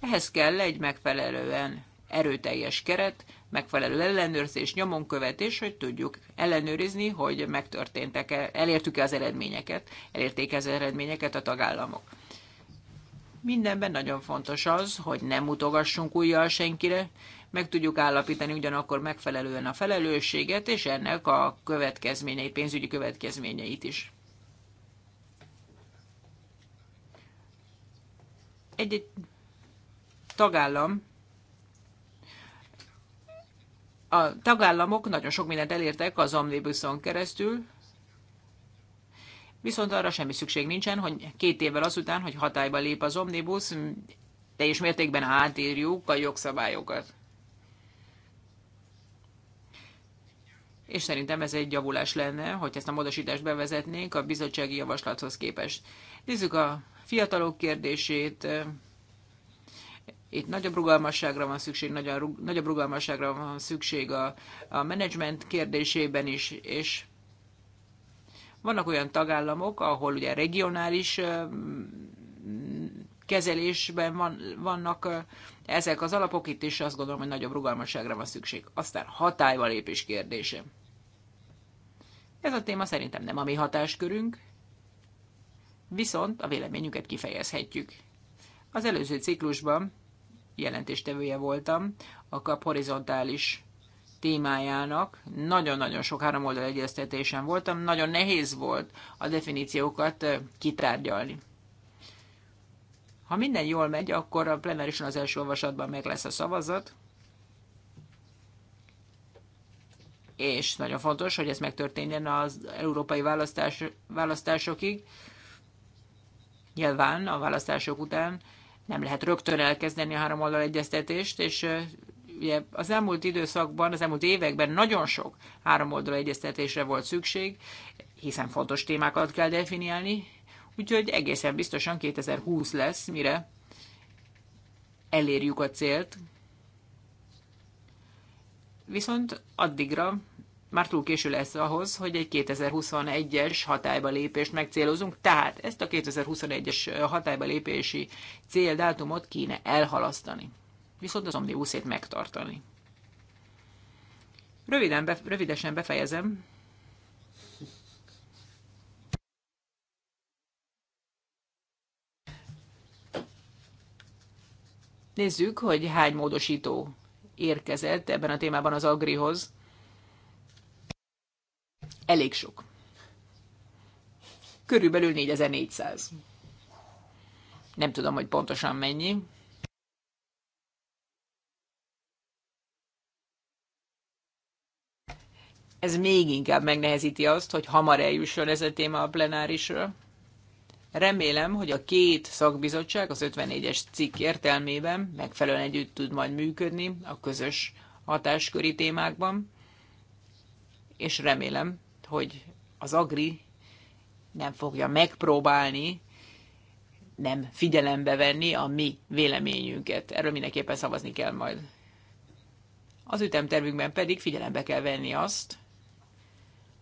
Ehhez kell egy megfelelően erőteljes keret, megfelelő ellenőrzés, nyomonkövetés, hogy tudjuk ellenőrizni, hogy megtörténtek-e, elértük-e az eredményeket, elérték -e az eredményeket a tagállamok. Mindenben nagyon fontos az, hogy nem mutogassunk újjal senkire, meg tudjuk állapítani ugyanakkor megfelelően a felelősséget, és ennek a következményeit, pénzügyi következményeit is. Egy-egy tagállam a tagállamok nagyon sok mindent elértek az Omnibuson keresztül, viszont arra semmi szükség nincsen, hogy két évvel azután, hogy hatályba lép az Omnibus, teljes mértékben átírjuk a jogszabályokat. és szerintem ez egy javulás lenne, hogy ezt a módosítást bevezetnénk a bizottsági javaslathoz képest. Nézzük a fiatalok kérdését. Itt nagyobb rugalmasságra van szükség, nagyobb rugalmasságra van szükség a, a menedzsment kérdésében is, és vannak olyan tagállamok, ahol ugye regionális kezelésben van, vannak ezek az alapok, itt is azt gondolom, hogy nagyobb rugalmasságra van szükség. Aztán hatályba lépés kérdése. Ez a téma szerintem nem a mi hatáskörünk, viszont a véleményünket kifejezhetjük. Az előző ciklusban jelentéstevője voltam a kap horizontális témájának. Nagyon-nagyon sok háromoldal egyeztetésen voltam, nagyon nehéz volt a definíciókat kitárgyalni. Ha minden jól megy, akkor a plenárison az első olvasatban meg lesz a szavazat, és nagyon fontos, hogy ez megtörténjen az európai választás, választásokig. Nyilván a választások után nem lehet rögtön elkezdeni a három oldal egyeztetést, és ugye az elmúlt időszakban, az elmúlt években nagyon sok három oldal egyeztetésre volt szükség, hiszen fontos témákat kell definiálni, úgyhogy egészen biztosan 2020 lesz, mire elérjük a célt, viszont addigra már túl késő lesz ahhoz, hogy egy 2021-es hatályba lépést megcélozunk, tehát ezt a 2021-es hatályba lépési céldátumot kéne elhalasztani, viszont az omnibuszét megtartani. Röviden, be, rövidesen befejezem. Nézzük, hogy hány módosító érkezett ebben a témában az Agrihoz. Elég sok. Körülbelül 4400. Nem tudom, hogy pontosan mennyi. Ez még inkább megnehezíti azt, hogy hamar eljusson ez a téma a plenárisra. Remélem, hogy a két szakbizottság az 54-es cikk értelmében megfelelően együtt tud majd működni a közös hatásköri témákban, és remélem, hogy az Agri nem fogja megpróbálni nem figyelembe venni a mi véleményünket. Erről mindenképpen szavazni kell majd. Az ütemtervünkben pedig figyelembe kell venni azt,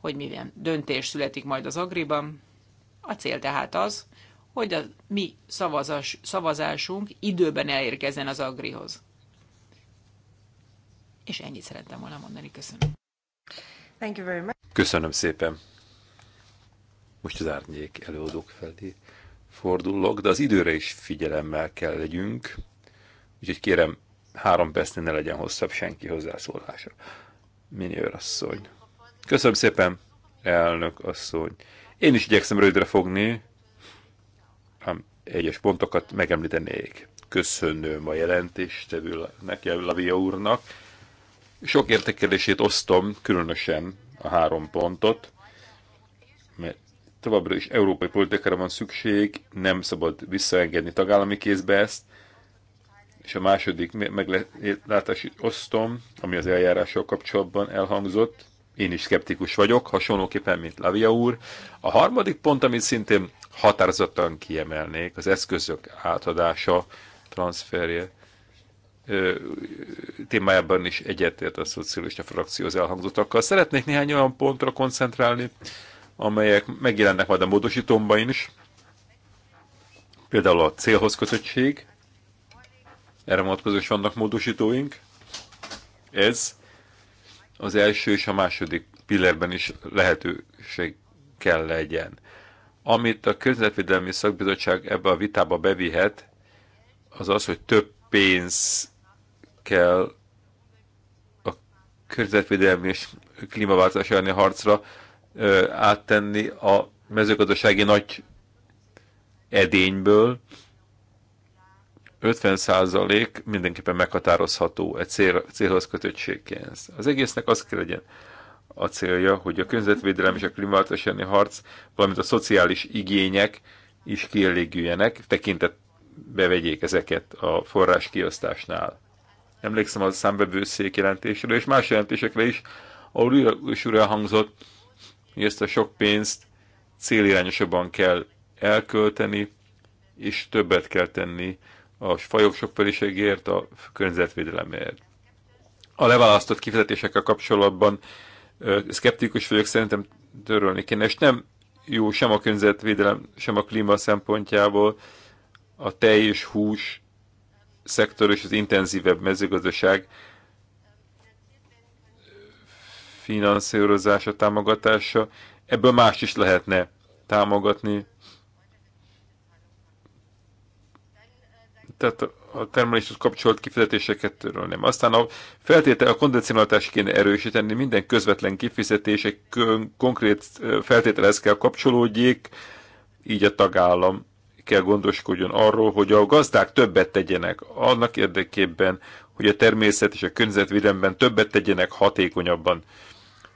hogy milyen döntés születik majd az agriban, a cél tehát az, hogy a mi szavazás, szavazásunk időben elérkezzen az agrihoz. És ennyit szerettem volna mondani. Köszönöm. Thank you very much. Köszönöm szépen. Most az árnyék előadók felé fordulok, de az időre is figyelemmel kell legyünk. Úgyhogy kérem, három percnél ne legyen hosszabb senki hozzászólása. Miniőr asszony. Köszönöm szépen, elnök asszony. Én is igyekszem rövidre fogni, ám egyes pontokat megemlítenék. Köszönöm a jelentéstevő Lavia úrnak. Sok értékelését osztom, különösen a három pontot, mert továbbra is európai politikára van szükség, nem szabad visszaengedni tagállami kézbe ezt, és a második meglátási osztom, ami az eljárással kapcsolatban elhangzott, én is szkeptikus vagyok, hasonlóképpen, mint Lavia úr. A harmadik pont, amit szintén határozottan kiemelnék, az eszközök átadása, transferje témájában is egyetért a szocialista frakció az elhangzottakkal. Szeretnék néhány olyan pontra koncentrálni, amelyek megjelennek majd a módosítomban is, például a célhoz kötöttség, erre vonatkozóan is vannak módosítóink, ez az első és a második pillérben is lehetőség kell legyen. Amit a Közvetvédelmi Szakbizottság ebbe a vitába bevihet, az az, hogy több pénz kell a környezetvédelmi és klímaváltozás elleni harcra ö, áttenni a mezőgazdasági nagy edényből, 50% mindenképpen meghatározható egy cél, célhoz kötöttségként. Az egésznek az kell legyen a célja, hogy a környezetvédelem és a klímaváltozás elleni harc, valamint a szociális igények is kielégüljenek, tekintet bevegyék ezeket a forrás kiosztásnál. Emlékszem a számbevőszék jelentésről és más jelentésekre is, ahol újra újra hangzott, hogy ezt a sok pénzt célirányosabban kell elkölteni, és többet kell tenni a fajok sokféliségért, a környezetvédelemért. A leválasztott kifizetésekkel kapcsolatban szkeptikus vagyok, szerintem törölni kéne, és nem jó sem a környezetvédelem, sem a klíma szempontjából a tej és hús szektor és az intenzívebb mezőgazdaság finanszírozása, támogatása. Ebből más is lehetne támogatni, tehát a termeléshez kapcsolt kifizetéseket nem. Aztán a feltétel, a kondicionalitást kéne erősíteni, minden közvetlen kifizetések konkrét feltételhez kell kapcsolódjék, így a tagállam kell gondoskodjon arról, hogy a gazdák többet tegyenek annak érdekében, hogy a természet és a környezetvédelemben többet tegyenek hatékonyabban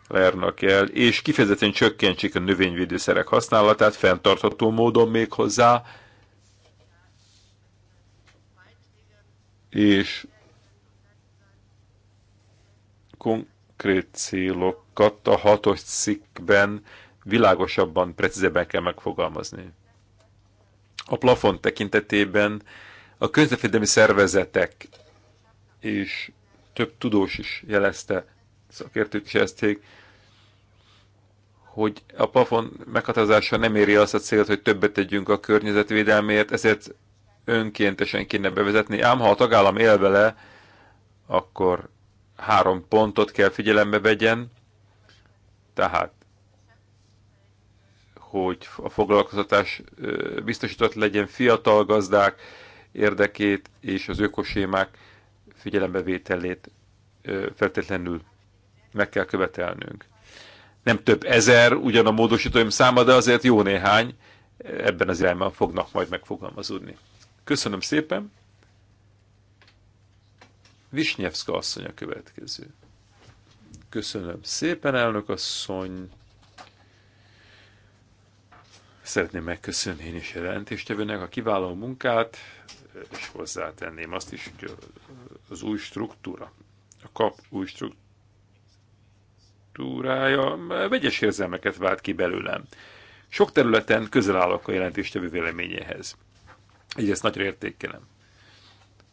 lernak el, és kifejezetten csökkentsék a növényvédőszerek használatát fenntartható módon még hozzá, és konkrét célokat a hatos cikkben világosabban, precízebben kell megfogalmazni. A plafon tekintetében a közlekedelmi szervezetek és több tudós is jelezte, szakértők is jelezték, hogy a plafon meghatározása nem éri azt a célt, hogy többet tegyünk a környezetvédelmért, ezért önkéntesen kéne bevezetni, ám ha a tagállam él vele, akkor három pontot kell figyelembe vegyen, tehát hogy a foglalkoztatás biztosított legyen fiatal gazdák érdekét és az ökosémák figyelembevételét feltétlenül meg kell követelnünk. Nem több ezer ugyan a módosítóim száma, de azért jó néhány ebben az irányban fognak majd megfogalmazódni. Köszönöm szépen. Visnyevszka asszony a következő. Köszönöm szépen, elnök asszony. Szeretném megköszönni én is a jelentéstevőnek a kiváló munkát, és hozzátenném azt is, hogy az új struktúra, a kap új struktúrája vegyes érzelmeket vált ki belőlem. Sok területen közel állok a jelentéstevő véleményéhez. Így ezt nagyra értékelem.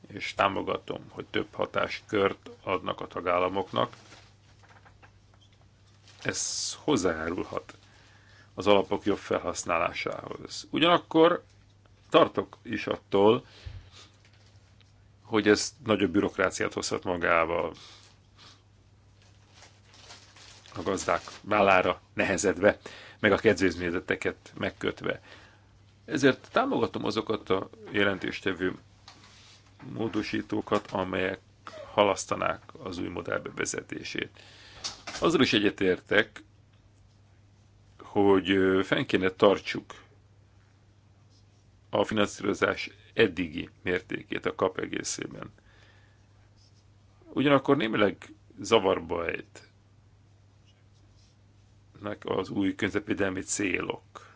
És támogatom, hogy több hatáskört adnak a tagállamoknak. Ez hozzájárulhat az alapok jobb felhasználásához. Ugyanakkor tartok is attól, hogy ez nagyobb bürokráciát hozhat magával a gazdák vállára nehezedve, meg a kedvezményezeteket megkötve. Ezért támogatom azokat a jelentéstevő módosítókat, amelyek halasztanák az új modell bevezetését. Azzal is egyetértek, hogy fenn kéne tartsuk a finanszírozás eddigi mértékét a kap egészében. Ugyanakkor némileg zavarba ejt az új közepidelmi célok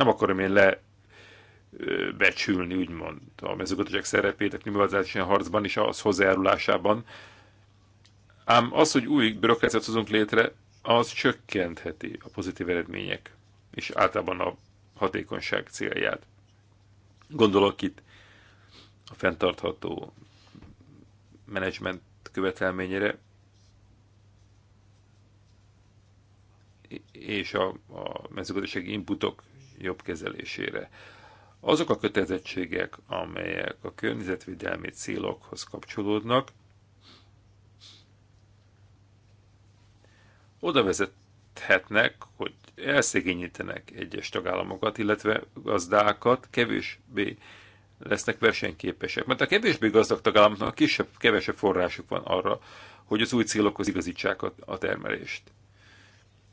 nem akarom én le becsülni, úgymond a mezőgazdaság szerepét a klímaváltozási harcban és az hozzájárulásában. Ám az, hogy új bürokráciát hozunk létre, az csökkentheti a pozitív eredmények és általában a hatékonyság célját. Gondolok itt a fenntartható menedzsment követelményére, és a, a mezőgazdasági inputok jobb kezelésére. Azok a kötelezettségek, amelyek a környezetvédelmi célokhoz kapcsolódnak, oda vezethetnek, hogy elszegényítenek egyes tagállamokat, illetve gazdákat kevésbé lesznek versenyképesek. Mert a kevésbé gazdag tagállamoknak kisebb, kevesebb forrásuk van arra, hogy az új célokhoz igazítsák a, a termelést.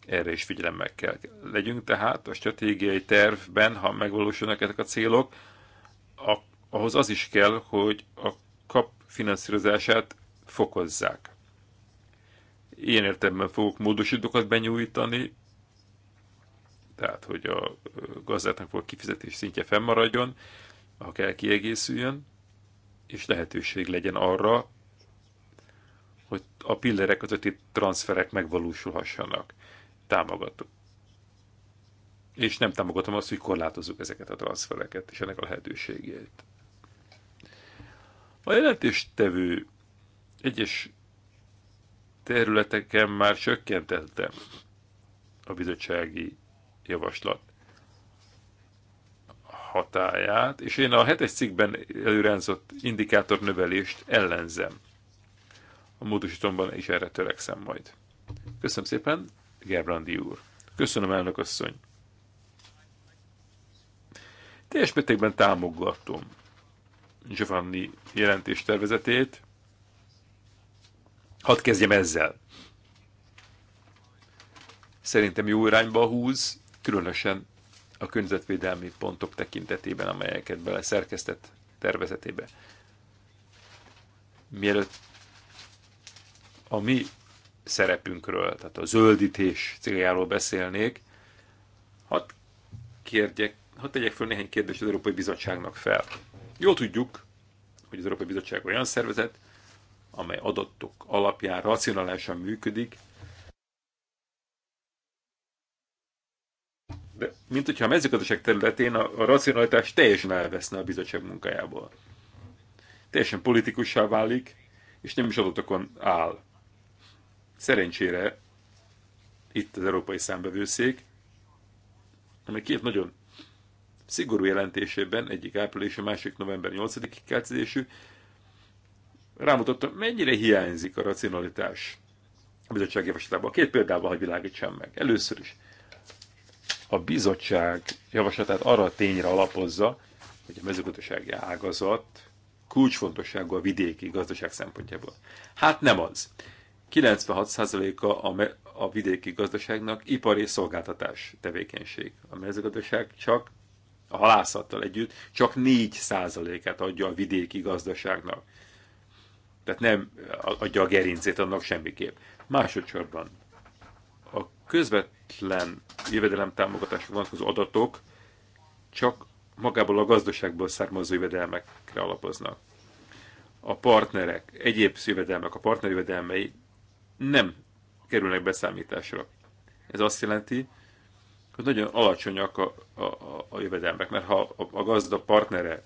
Erre is figyelemmel kell legyünk, tehát a stratégiai tervben, ha megvalósulnak ezek a célok, a, ahhoz az is kell, hogy a kap finanszírozását fokozzák. Ilyen értelemben fogok módosítókat benyújtani, tehát hogy a gazdáknak a kifizetés szintje fennmaradjon, ha kell kiegészüljön, és lehetőség legyen arra, hogy a pillerek közötti transferek megvalósulhassanak támogattuk. És nem támogatom azt, hogy korlátozzuk ezeket a transfereket és ennek a lehetőségét. A jelentéstevő egyes területeken már csökkentette a bizottsági javaslat hatáját, és én a hetes cikkben előrendzott indikátor növelést ellenzem. A módosítomban is erre törekszem majd. Köszönöm szépen, Gerbrandi úr. Köszönöm, elnök asszony. Teljes mértékben támogatom Giovanni jelentés tervezetét. Hadd kezdjem ezzel. Szerintem jó irányba húz, különösen a környezetvédelmi pontok tekintetében, amelyeket bele szerkesztett tervezetébe. Mielőtt a mi szerepünkről, tehát a zöldítés céljáról beszélnék. Hadd kérdjek, hadd tegyek föl néhány kérdést az Európai Bizottságnak fel. Jól tudjuk, hogy az Európai Bizottság olyan szervezet, amely adatok alapján racionálisan működik, de mint hogyha a mezőgazdaság területén a, a racionalitás teljesen elveszne a bizottság munkájából. Teljesen politikussá válik, és nem is adatokon áll. Szerencsére itt az Európai Számbevőszék, amely két nagyon szigorú jelentésében, egyik április, a másik november 8 i kezdésű, rámutatta, mennyire hiányzik a racionalitás a bizottság javaslatában. A két példával hogy világítsam meg. Először is a bizottság javaslatát arra a tényre alapozza, hogy a mezőgazdasági ágazat kulcsfontosságú a vidéki gazdaság szempontjából. Hát nem az. 96%-a a, a vidéki gazdaságnak ipari szolgáltatás tevékenység. A mezőgazdaság csak a halászattal együtt csak 4%-át adja a vidéki gazdaságnak. Tehát nem adja a gerincét annak semmiképp. Másodszorban a közvetlen jövedelem támogatásra vonatkozó adatok csak magából a gazdaságból származó jövedelmekre alapoznak. A partnerek, egyéb jövedelmek, a partner jövedelmei nem kerülnek beszámításra. Ez azt jelenti, hogy nagyon alacsonyak a, a, a, a jövedelmek, mert ha a, a gazda partnere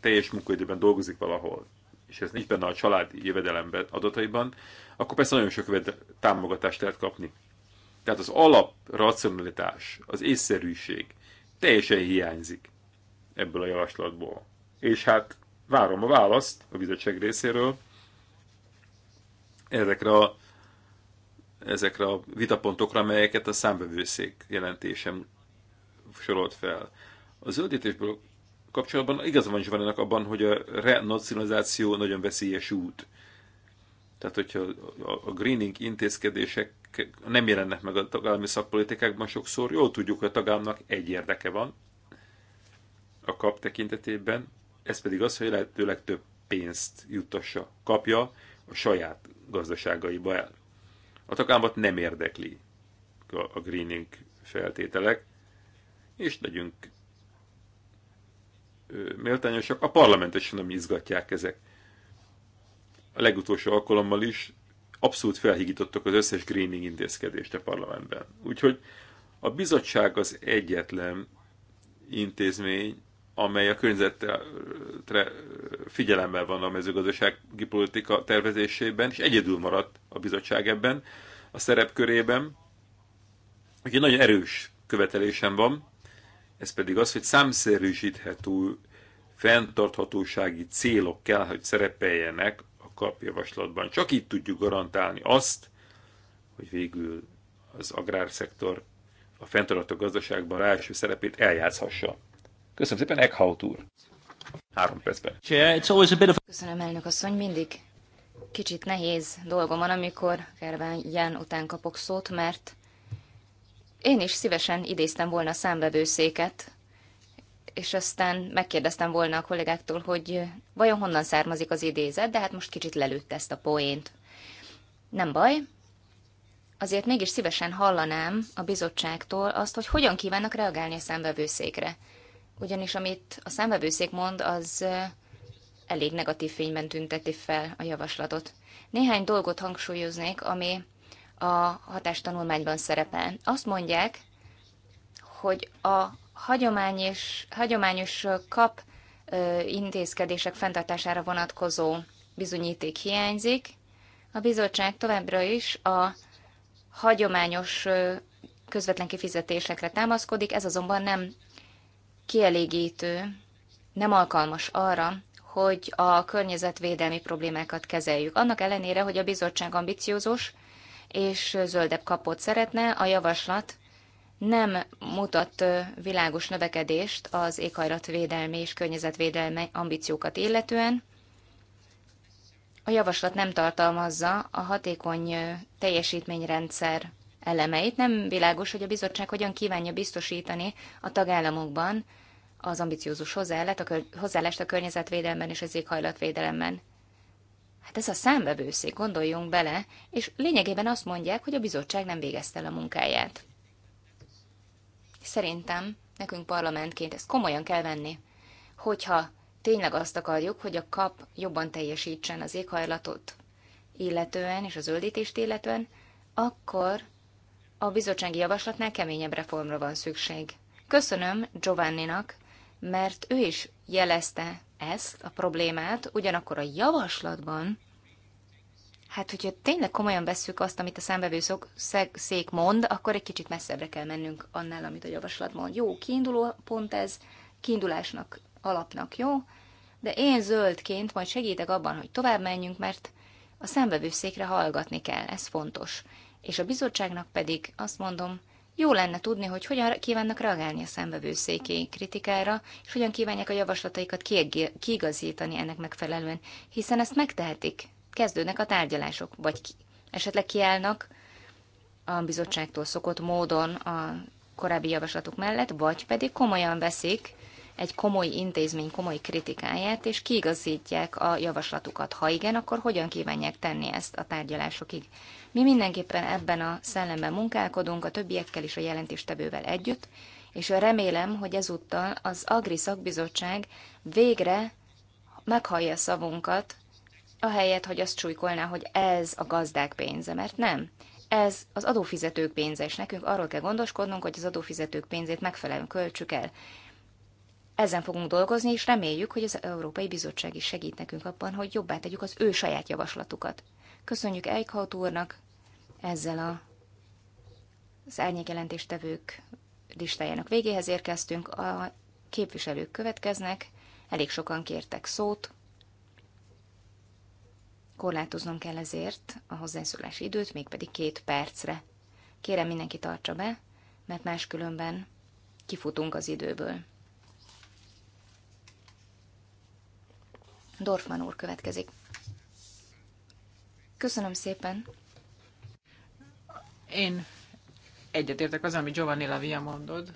teljes munkaidőben dolgozik valahol, és ez nincs benne a családi jövedelemben adataiban, akkor persze nagyon sok támogatást lehet kapni. Tehát az alap racionalitás, az észszerűség teljesen hiányzik ebből a javaslatból. És hát várom a választ a bizottság részéről ezekre a ezekre a vitapontokra, amelyeket a számbevőszék jelentésem sorolt fel. A zöldítésből kapcsolatban van is van ennek abban, hogy a renacionalizáció nagyon veszélyes út. Tehát, hogyha a greening intézkedések nem jelennek meg a tagállami szakpolitikákban sokszor, jól tudjuk, hogy a tagállamnak egy érdeke van a kap tekintetében, ez pedig az, hogy lehetőleg több pénzt juttassa, kapja a saját gazdaságaiba el a takámat nem érdekli a greening feltételek, és legyünk méltányosak, a parlamentet sem nem izgatják ezek. A legutolsó alkalommal is abszolút felhigítottak az összes greening intézkedést a parlamentben. Úgyhogy a bizottság az egyetlen intézmény, amely a környezetre figyelemmel van a mezőgazdasági politika tervezésében, és egyedül maradt a bizottság ebben a szerepkörében. Úgyhogy nagyon erős követelésem van, ez pedig az, hogy számszerűsíthető fenntarthatósági célok kell, hogy szerepeljenek a kapjavaslatban. Csak így tudjuk garantálni azt, hogy végül az agrárszektor a fenntartható gazdaságban ráeső szerepét eljátszhassa. Köszönöm szépen, Eckhout úr. Három percben. Köszönöm, elnök asszony, mindig kicsit nehéz dolgom van, amikor Kerván Ján után kapok szót, mert én is szívesen idéztem volna a számbevőszéket, és aztán megkérdeztem volna a kollégáktól, hogy vajon honnan származik az idézet, de hát most kicsit lelőtt ezt a poént. Nem baj, azért mégis szívesen hallanám a bizottságtól azt, hogy hogyan kívánnak reagálni a számbevőszékre ugyanis amit a számvevőszék mond, az elég negatív fényben tünteti fel a javaslatot. Néhány dolgot hangsúlyoznék, ami a hatástanulmányban szerepel. Azt mondják, hogy a hagyományos, hagyományos kap intézkedések fenntartására vonatkozó bizonyíték hiányzik. A bizottság továbbra is a hagyományos közvetlen kifizetésekre támaszkodik, ez azonban nem kielégítő, nem alkalmas arra, hogy a környezetvédelmi problémákat kezeljük. Annak ellenére, hogy a bizottság ambiciózus és zöldebb kapot szeretne, a javaslat nem mutat világos növekedést az éghajlatvédelmi és környezetvédelmi ambíciókat illetően. A javaslat nem tartalmazza a hatékony teljesítményrendszer elemeit. Nem világos, hogy a bizottság hogyan kívánja biztosítani a tagállamokban az ambiciózus hozzáállást a környezetvédelemben és az éghajlatvédelemben. Hát ez a számbevőszék, gondoljunk bele, és lényegében azt mondják, hogy a bizottság nem végezte el a munkáját. Szerintem nekünk parlamentként ezt komolyan kell venni, hogyha tényleg azt akarjuk, hogy a kap jobban teljesítsen az éghajlatot illetően és az öldítést illetően, akkor a bizottsági javaslatnál keményebb reformra van szükség. Köszönöm Giovanninak, mert ő is jelezte ezt, a problémát, ugyanakkor a javaslatban, hát hogyha tényleg komolyan veszük azt, amit a számbevőszok szék mond, akkor egy kicsit messzebbre kell mennünk annál, amit a javaslat mond. Jó, kiinduló pont ez, kiindulásnak, alapnak jó, de én zöldként majd segítek abban, hogy tovább menjünk, mert a számbevőszékre hallgatni kell, ez fontos és a bizottságnak pedig azt mondom, jó lenne tudni, hogy hogyan kívánnak reagálni a szembevő számbevőszéki kritikára, és hogyan kívánják a javaslataikat kiigazítani ennek megfelelően, hiszen ezt megtehetik. Kezdődnek a tárgyalások, vagy ki, esetleg kiállnak a bizottságtól szokott módon a korábbi javaslatok mellett, vagy pedig komolyan veszik egy komoly intézmény komoly kritikáját, és kiigazítják a javaslatukat. Ha igen, akkor hogyan kívánják tenni ezt a tárgyalásokig? Mi mindenképpen ebben a szellemben munkálkodunk, a többiekkel is a jelentéstevővel együtt, és remélem, hogy ezúttal az Agri Szakbizottság végre meghallja szavunkat, ahelyett, hogy azt csújkolná, hogy ez a gazdák pénze, mert nem. Ez az adófizetők pénze, és nekünk arról kell gondoskodnunk, hogy az adófizetők pénzét megfelelően költsük el. Ezen fogunk dolgozni, és reméljük, hogy az Európai Bizottság is segít nekünk abban, hogy jobbá tegyük az ő saját javaslatukat. Köszönjük Eichhaut úrnak ezzel a, az árnyékjelentéstevők listájának végéhez érkeztünk. A képviselők következnek, elég sokan kértek szót, Korlátoznom kell ezért a hozzászólási időt, mégpedig két percre. Kérem mindenki tartsa be, mert máskülönben kifutunk az időből. Dorfman úr következik. Köszönöm szépen. Én egyetértek az, ami Giovanni Lavia mondod.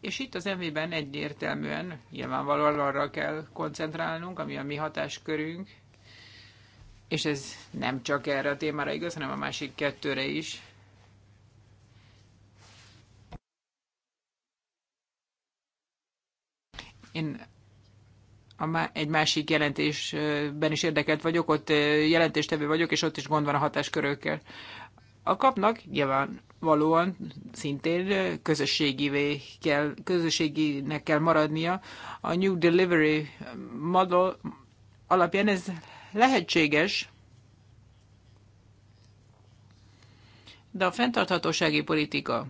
És itt az MV-ben egyértelműen, nyilvánvalóan arra kell koncentrálnunk, ami a mi hatáskörünk, és ez nem csak erre a témára igaz, hanem a másik kettőre is. Én egy másik jelentésben is érdekelt vagyok, ott jelentéstevő vagyok, és ott is gond van a hatáskörökkel. A kapnak nyilván valóan szintén közösségivé kell, közösséginek kell maradnia. A New Delivery Model alapján ez lehetséges, de a fenntarthatósági politika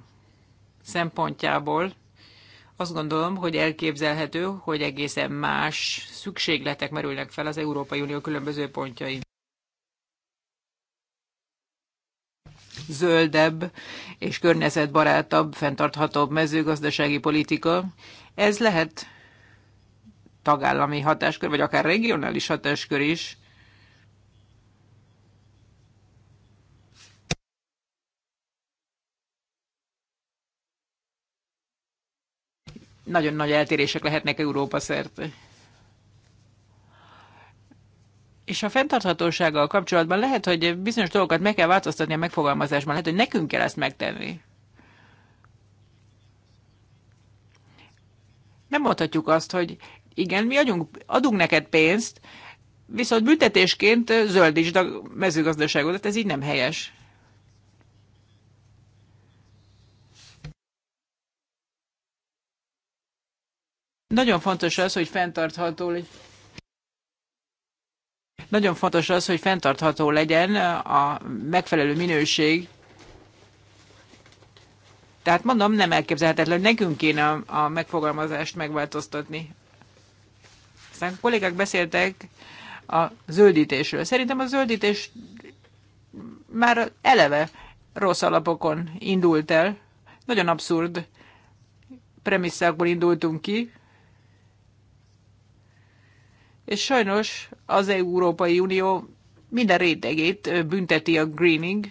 szempontjából azt gondolom, hogy elképzelhető, hogy egészen más szükségletek merülnek fel az Európai Unió különböző pontjain. Zöldebb és környezetbarátabb, fenntarthatóbb mezőgazdasági politika. Ez lehet tagállami hatáskör, vagy akár regionális hatáskör is, nagyon nagy eltérések lehetnek Európa szerte. És a fenntarthatósággal kapcsolatban lehet, hogy bizonyos dolgokat meg kell változtatni a megfogalmazásban, lehet, hogy nekünk kell ezt megtenni. Nem mondhatjuk azt, hogy igen, mi adjunk, adunk neked pénzt, viszont büntetésként zöldítsd a mezőgazdaságot, hát ez így nem helyes. Nagyon fontos az, hogy fenntartható nagyon fontos az, hogy fenntartható legyen a megfelelő minőség. Tehát mondom, nem elképzelhetetlen, hogy nekünk kéne a, a megfogalmazást megváltoztatni. Aztán kollégák beszéltek a zöldítésről. Szerintem a zöldítés már eleve rossz alapokon indult el. Nagyon abszurd premisszákból indultunk ki és sajnos az Európai Unió minden rétegét bünteti a greening.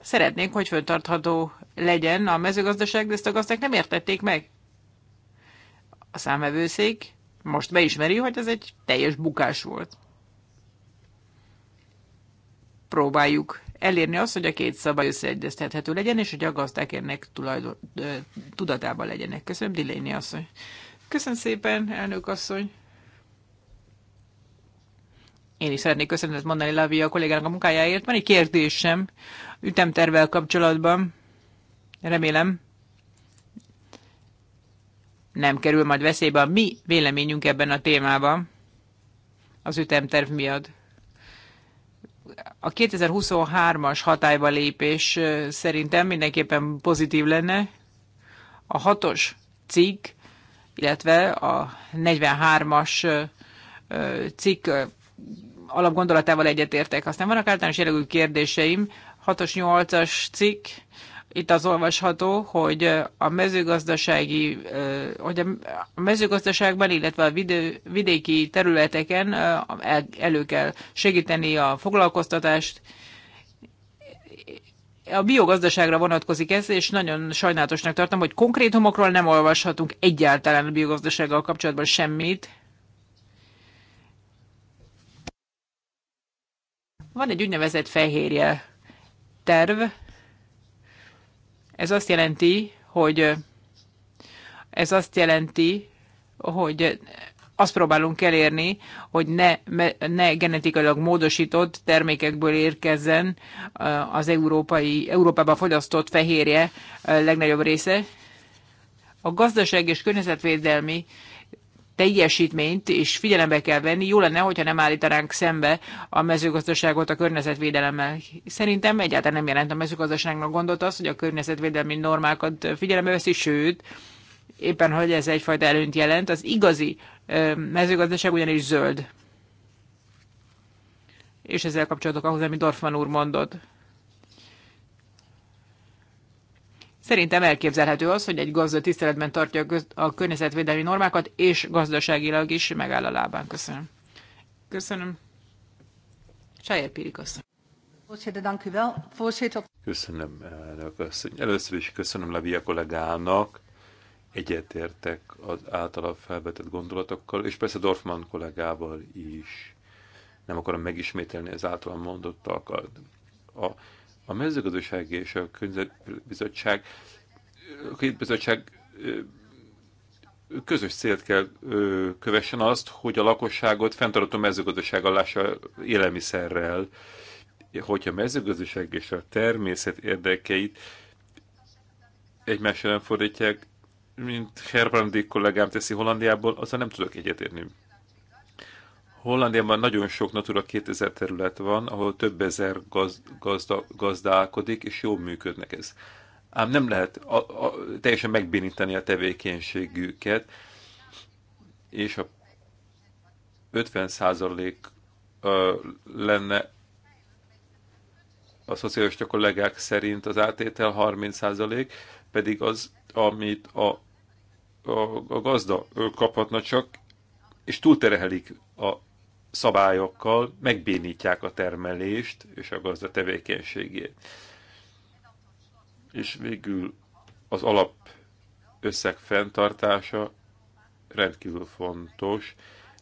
Szeretnénk, hogy föntartható legyen a mezőgazdaság, de ezt a gazdák nem értették meg. A számvevőszék most beismeri, hogy ez egy teljes bukás volt. Próbáljuk elérni azt, hogy a két szabály összeegyeztethető legyen, és hogy a gazdák ennek tulajdon, tudatában legyenek. Köszönöm, Diléni asszony. Köszönöm szépen, elnök asszony. Én is szeretnék köszönetet mondani Lavi a kollégának a munkájáért. Van egy kérdésem ütemtervel kapcsolatban. Remélem, nem kerül majd veszélybe a mi véleményünk ebben a témában az ütemterv miatt. A 2023-as hatályba lépés szerintem mindenképpen pozitív lenne. A hatos cikk illetve a 43-as cikk alapgondolatával egyetértek. Aztán vannak általános jellegű kérdéseim. 6-os, 8-as cikk, itt az olvasható, hogy a mezőgazdasági, hogy a mezőgazdaságban, illetve a vidő, vidéki területeken elő kell segíteni a foglalkoztatást, a biogazdaságra vonatkozik ez, és nagyon sajnálatosnak tartom, hogy konkrétumokról nem olvashatunk egyáltalán a biogazdasággal kapcsolatban semmit. Van egy úgynevezett fehérje terv. Ez azt jelenti, hogy ez azt jelenti, hogy azt próbálunk elérni, hogy ne, ne genetikailag módosított termékekből érkezzen eh, az európai, Európában fogyasztott fehérje eh, legnagyobb része. A gazdaság és környezetvédelmi teljesítményt és figyelembe kell venni. Jó lenne, hogyha nem állítanánk szembe a mezőgazdaságot a környezetvédelemmel. Szerintem egyáltalán nem jelent a mezőgazdaságnak gondot az, hogy a környezetvédelmi normákat figyelembe veszi, sőt, éppen hogy ez egyfajta előnyt jelent, az igazi mezőgazdaság ugyanis zöld. És ezzel kapcsolatok ahhoz, amit Dorfman úr mondott. Szerintem elképzelhető az, hogy egy gazda tiszteletben tartja a környezetvédelmi normákat, és gazdaságilag is megáll a lábán. Köszönöm. Köszönöm. Sajer piri Köszönöm, elnök asszony. Először is köszönöm Levia kollégának egyetértek az általa felvetett gondolatokkal, és persze Dorfman kollégával is. Nem akarom megismételni az általam mondottakat. A, a mezőgazdaság és a környezetbizottság a bizottság közös célt kell kövessen azt, hogy a lakosságot fenntartó mezőgazdaság alása élelmiszerrel, hogyha a mezőgazdaság és a természet érdekeit egymás ellen fordítják, mint Herbrandi kollégám teszi Hollandiából, azzal nem tudok egyetérni. Hollandiában nagyon sok Natura 2000 terület van, ahol több ezer gaz, gazda, gazdálkodik, és jól működnek ez. Ám nem lehet a, a, teljesen megbénítani a tevékenységüket, és a 50 százalék lenne a szocialista kollégák szerint az átétel 30 százalék, pedig az, amit a, a, a gazda kaphatna csak, és túlterhelik a szabályokkal, megbénítják a termelést és a gazda tevékenységét. És végül az alap összeg fenntartása rendkívül fontos.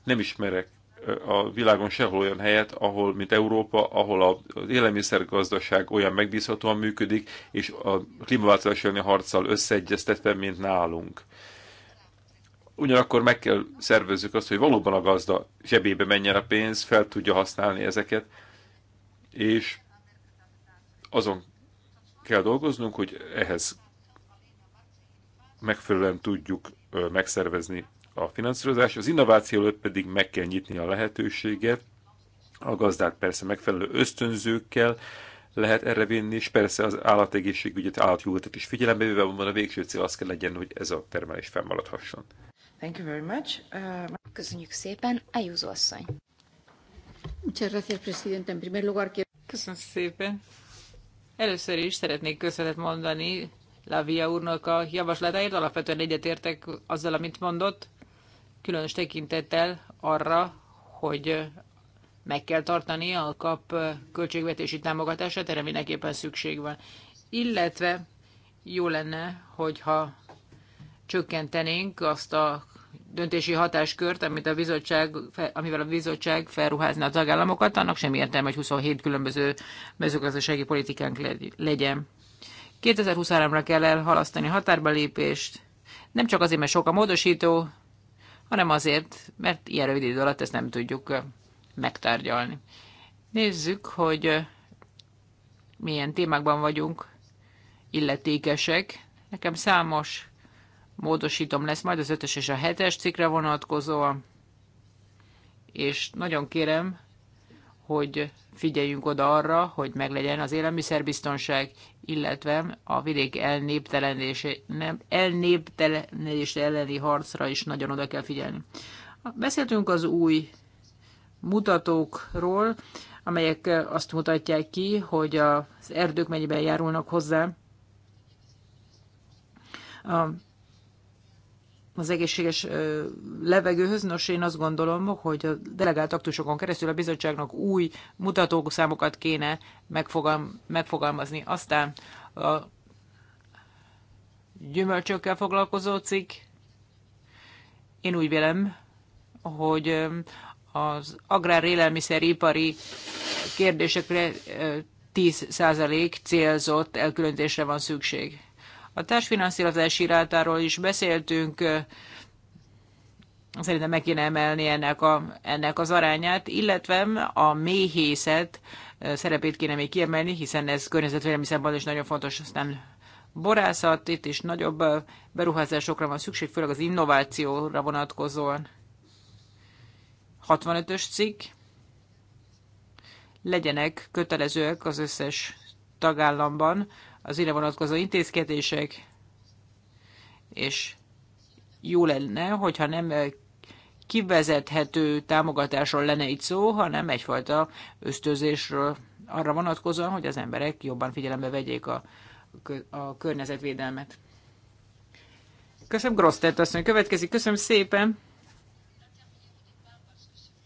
Nem ismerek a világon sehol olyan helyet, ahol, mint Európa, ahol az élelmiszergazdaság olyan megbízhatóan működik, és a klímaváltozás elleni harccal összeegyeztetve, mint nálunk. Ugyanakkor meg kell szervezzük azt, hogy valóban a gazda zsebébe menjen a pénz, fel tudja használni ezeket, és azon kell dolgoznunk, hogy ehhez megfelelően tudjuk megszervezni a finanszírozás, az innováció előtt pedig meg kell nyitni a lehetőséget, a gazdát persze megfelelő ösztönzőkkel lehet erre vinni, és persze az állategészségügyet, állatjóltat is figyelembe véve van a végső cél az kell legyen, hogy ez a termelés fennmaradhasson. Thank you very much. Uh... Köszönjük szépen, Ayuso asszony. Muchas gracias, presidente. Köszönöm szépen. Először is szeretnék köszönet mondani Lavia úrnak a javaslatáért. Alapvetően egyetértek azzal, amit mondott különös tekintettel arra, hogy meg kell tartani a kap költségvetési támogatását, erre mindenképpen szükség van. Illetve jó lenne, hogyha csökkentenénk azt a döntési hatáskört, amit a bizottság, amivel a bizottság felruházna a tagállamokat, annak sem értelme, hogy 27 különböző mezőgazdasági politikánk legyen. 2023-ra kell elhalasztani határbelépést, nem csak azért, mert sok a módosító, hanem azért, mert ilyen rövid idő alatt ezt nem tudjuk megtárgyalni. Nézzük, hogy milyen témákban vagyunk illetékesek. Nekem számos módosítom lesz majd az 5 es és a 7-es cikkre vonatkozóan, és nagyon kérem, hogy figyeljünk oda arra, hogy meglegyen az élelmiszerbiztonság, illetve a vidék elnéptelenedése, nem, elleni harcra is nagyon oda kell figyelni. Beszéltünk az új mutatókról, amelyek azt mutatják ki, hogy az erdők mennyiben járulnak hozzá a az egészséges levegőhöz. Nos, én azt gondolom, hogy a delegált aktusokon keresztül a bizottságnak új mutatószámokat kéne megfogalmazni. Aztán a gyümölcsökkel foglalkozó cikk. Én úgy vélem, hogy az agrár-élelmiszeripari kérdésekre 10% célzott elkülönítésre van szükség. A társfinanszírozási rátáról is beszéltünk, szerintem meg kéne emelni ennek, a, ennek az arányát, illetve a méhészet szerepét kéne még kiemelni, hiszen ez környezetvédelmi szempontból is nagyon fontos, aztán borászat, itt is nagyobb beruházásokra van szükség, főleg az innovációra vonatkozóan. 65-ös cikk. Legyenek kötelezőek az összes tagállamban az ide vonatkozó intézkedések, és jó lenne, hogyha nem eh, kivezethető támogatásról lenne itt szó, hanem egyfajta ösztözésről arra vonatkozóan, hogy az emberek jobban figyelembe vegyék a, a környezetvédelmet. Köszönöm, Grosztert asszony. Következik. Köszönöm szépen.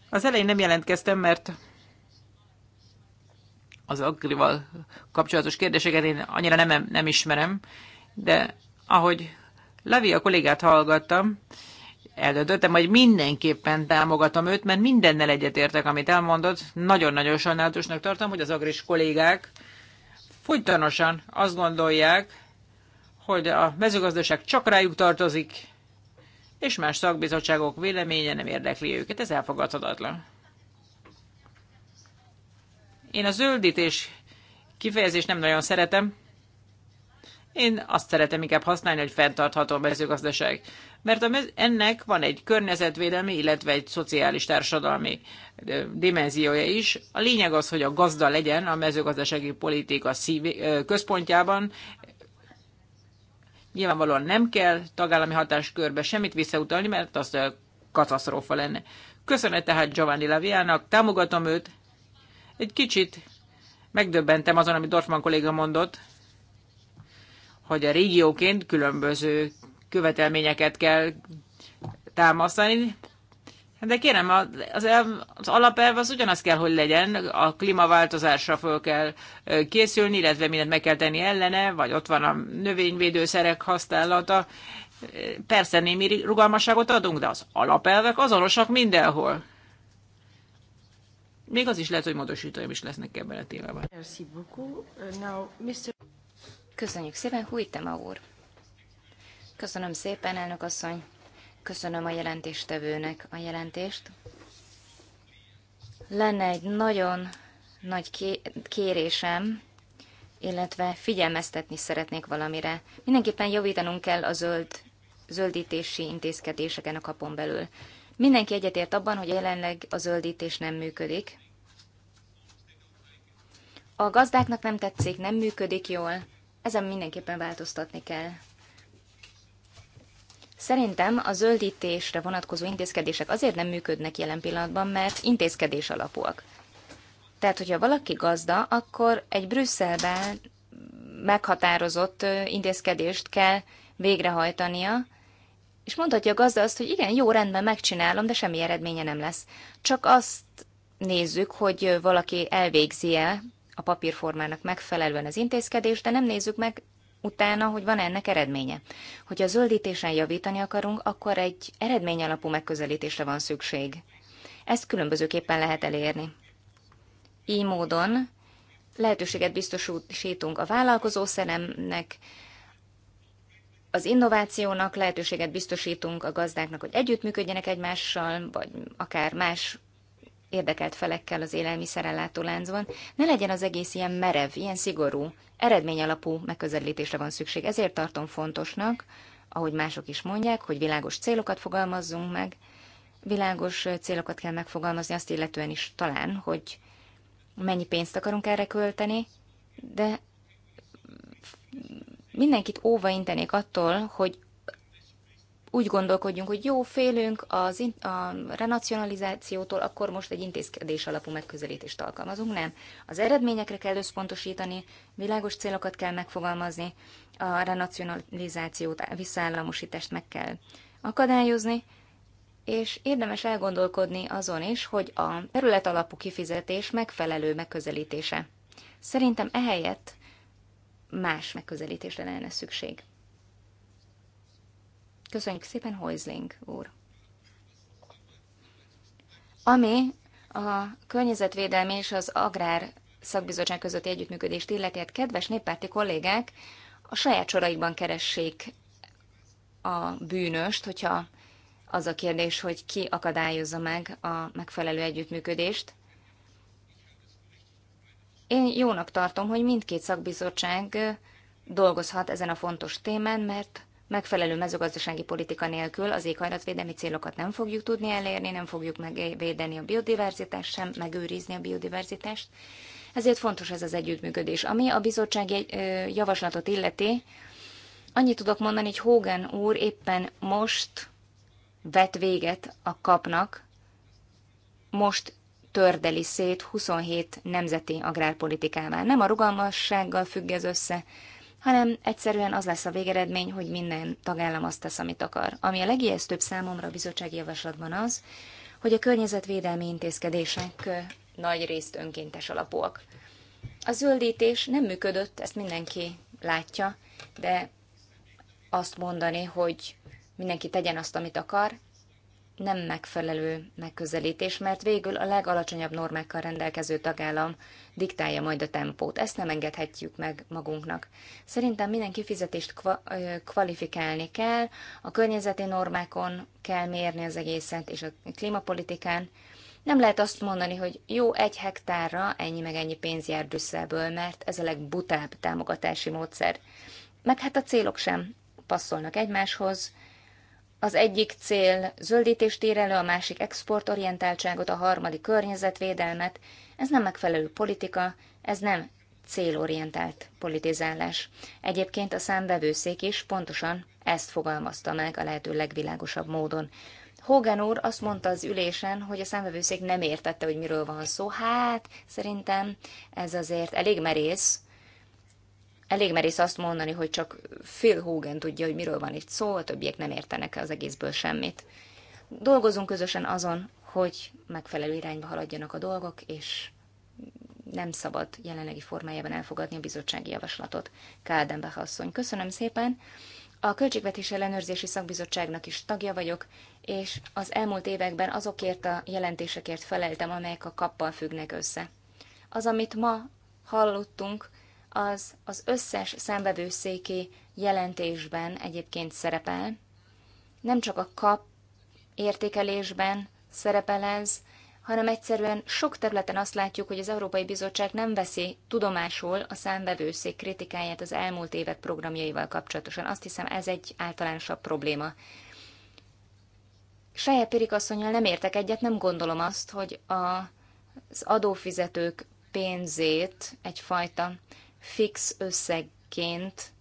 Az elején nem jelentkeztem, mert az agrival kapcsolatos kérdéseket én annyira nem, nem ismerem, de ahogy Levi a kollégát hallgattam, eldöntöttem, hogy mindenképpen támogatom őt, mert mindennel egyetértek, amit elmondott. Nagyon-nagyon sajnálatosnak tartom, hogy az agris kollégák folytonosan azt gondolják, hogy a mezőgazdaság csak rájuk tartozik, és más szakbizottságok véleménye nem érdekli őket. Ez elfogadhatatlan. Én a zöldítés kifejezést nem nagyon szeretem. Én azt szeretem inkább használni, hogy fenntartható a mezőgazdaság. Mert a mez- ennek van egy környezetvédelmi, illetve egy szociális társadalmi dimenziója is. A lényeg az, hogy a gazda legyen a mezőgazdasági politika szív- központjában. Nyilvánvalóan nem kell tagállami hatáskörbe semmit visszautalni, mert az katasztrófa lenne. Köszönet tehát Giovanni Laviának, támogatom őt, egy kicsit megdöbbentem azon, amit Dorfman kolléga mondott, hogy a régióként különböző követelményeket kell támasztani, de kérem, az, az alapelv az ugyanaz kell, hogy legyen, a klímaváltozásra föl kell készülni, illetve mindent meg kell tenni ellene, vagy ott van a növényvédőszerek használata. Persze némi rugalmasságot adunk, de az alapelvek azonosak mindenhol még az is lehet, hogy módosítóim is lesznek ebben a témában. Uh, Köszönjük szépen, a úr! Köszönöm szépen, elnök asszony! Köszönöm a jelentéstevőnek a jelentést. Lenne egy nagyon nagy kérésem, illetve figyelmeztetni szeretnék valamire. Mindenképpen javítanunk kell a zöld, zöldítési intézkedéseken a kapon belül. Mindenki egyetért abban, hogy jelenleg a zöldítés nem működik. A gazdáknak nem tetszik, nem működik jól, ezen mindenképpen változtatni kell. Szerintem a zöldítésre vonatkozó intézkedések azért nem működnek jelen pillanatban, mert intézkedés alapúak. Tehát, hogyha valaki gazda, akkor egy Brüsszelben meghatározott intézkedést kell végrehajtania, és mondhatja a gazda azt, hogy igen, jó, rendben, megcsinálom, de semmi eredménye nem lesz. Csak azt nézzük, hogy valaki elvégzi-e a papírformának megfelelően az intézkedést, de nem nézzük meg utána, hogy van -e ennek eredménye. Hogyha a zöldítésen javítani akarunk, akkor egy eredmény alapú megközelítésre van szükség. Ezt különbözőképpen lehet elérni. Így módon lehetőséget biztosítunk a vállalkozó szeremnek, az innovációnak lehetőséget biztosítunk a gazdáknak, hogy együttműködjenek egymással, vagy akár más érdekelt felekkel az élelmiszerellátó láncban, ne legyen az egész ilyen merev, ilyen szigorú, eredmény alapú, megközelítésre van szükség. Ezért tartom fontosnak, ahogy mások is mondják, hogy világos célokat fogalmazzunk meg, világos célokat kell megfogalmazni azt illetően is talán, hogy mennyi pénzt akarunk erre költeni, de Mindenkit óva intenék attól, hogy úgy gondolkodjunk, hogy jó, félünk az in- a renacionalizációtól, akkor most egy intézkedés alapú megközelítést alkalmazunk. Nem. Az eredményekre kell összpontosítani, világos célokat kell megfogalmazni, a renacionalizációt, visszaállamosítást meg kell akadályozni, és érdemes elgondolkodni azon is, hogy a terület alapú kifizetés megfelelő megközelítése. Szerintem ehelyett más megközelítésre lenne szükség. Köszönjük szépen, Hoizling úr! Ami a környezetvédelmi és az agrár szakbizottság közötti együttműködést illeti, hát kedves néppárti kollégák, a saját soraikban keressék a bűnöst, hogyha az a kérdés, hogy ki akadályozza meg a megfelelő együttműködést. Én jónak tartom, hogy mindkét szakbizottság dolgozhat ezen a fontos témán, mert megfelelő mezőgazdasági politika nélkül az éghajlatvédelmi célokat nem fogjuk tudni elérni, nem fogjuk megvédeni a biodiverzitást sem, megőrizni a biodiverzitást. Ezért fontos ez az együttműködés. Ami a bizottság javaslatot illeti, annyit tudok mondani, hogy Hogan úr éppen most vet véget a kapnak, most tördeli szét 27 nemzeti agrárpolitikává. Nem a rugalmassággal függ ez össze, hanem egyszerűen az lesz a végeredmény, hogy minden tagállam azt tesz, amit akar. Ami a legijesztőbb számomra a bizottsági javaslatban az, hogy a környezetvédelmi intézkedések nagy részt önkéntes alapúak. A zöldítés nem működött, ezt mindenki látja, de azt mondani, hogy mindenki tegyen azt, amit akar, nem megfelelő megközelítés, mert végül a legalacsonyabb normákkal rendelkező tagállam diktálja majd a tempót. Ezt nem engedhetjük meg magunknak. Szerintem minden kifizetést kvalifikálni kell, a környezeti normákon kell mérni az egészet, és a klímapolitikán. Nem lehet azt mondani, hogy jó, egy hektárra ennyi meg ennyi pénz jár Brüsszelből, mert ez a legbutább támogatási módszer. Meg hát a célok sem passzolnak egymáshoz, az egyik cél zöldítést ír elő, a másik exportorientáltságot, a harmadik környezetvédelmet. Ez nem megfelelő politika, ez nem célorientált politizálás. Egyébként a számbevőszék is pontosan ezt fogalmazta meg a lehető legvilágosabb módon. Hogan úr azt mondta az ülésen, hogy a számvevőszék nem értette, hogy miről van szó. Hát, szerintem ez azért elég merész, Elég merész azt mondani, hogy csak Phil Hogan tudja, hogy miről van itt szó, a többiek nem értenek az egészből semmit. Dolgozunk közösen azon, hogy megfelelő irányba haladjanak a dolgok, és nem szabad jelenlegi formájában elfogadni a bizottsági javaslatot. Káldenbach asszony, köszönöm szépen! A Költségvetés Ellenőrzési Szakbizottságnak is tagja vagyok, és az elmúlt években azokért a jelentésekért feleltem, amelyek a kappal függnek össze. Az, amit ma hallottunk, az az összes számbevőszéki jelentésben egyébként szerepel. Nem csak a kap értékelésben szerepel ez, hanem egyszerűen sok területen azt látjuk, hogy az Európai Bizottság nem veszi tudomásul a számbevőszék kritikáját az elmúlt évek programjaival kapcsolatosan. Azt hiszem, ez egy általánosabb probléma. Saját Pirik asszonyjal nem értek egyet, nem gondolom azt, hogy a, az adófizetők pénzét egyfajta fix összegként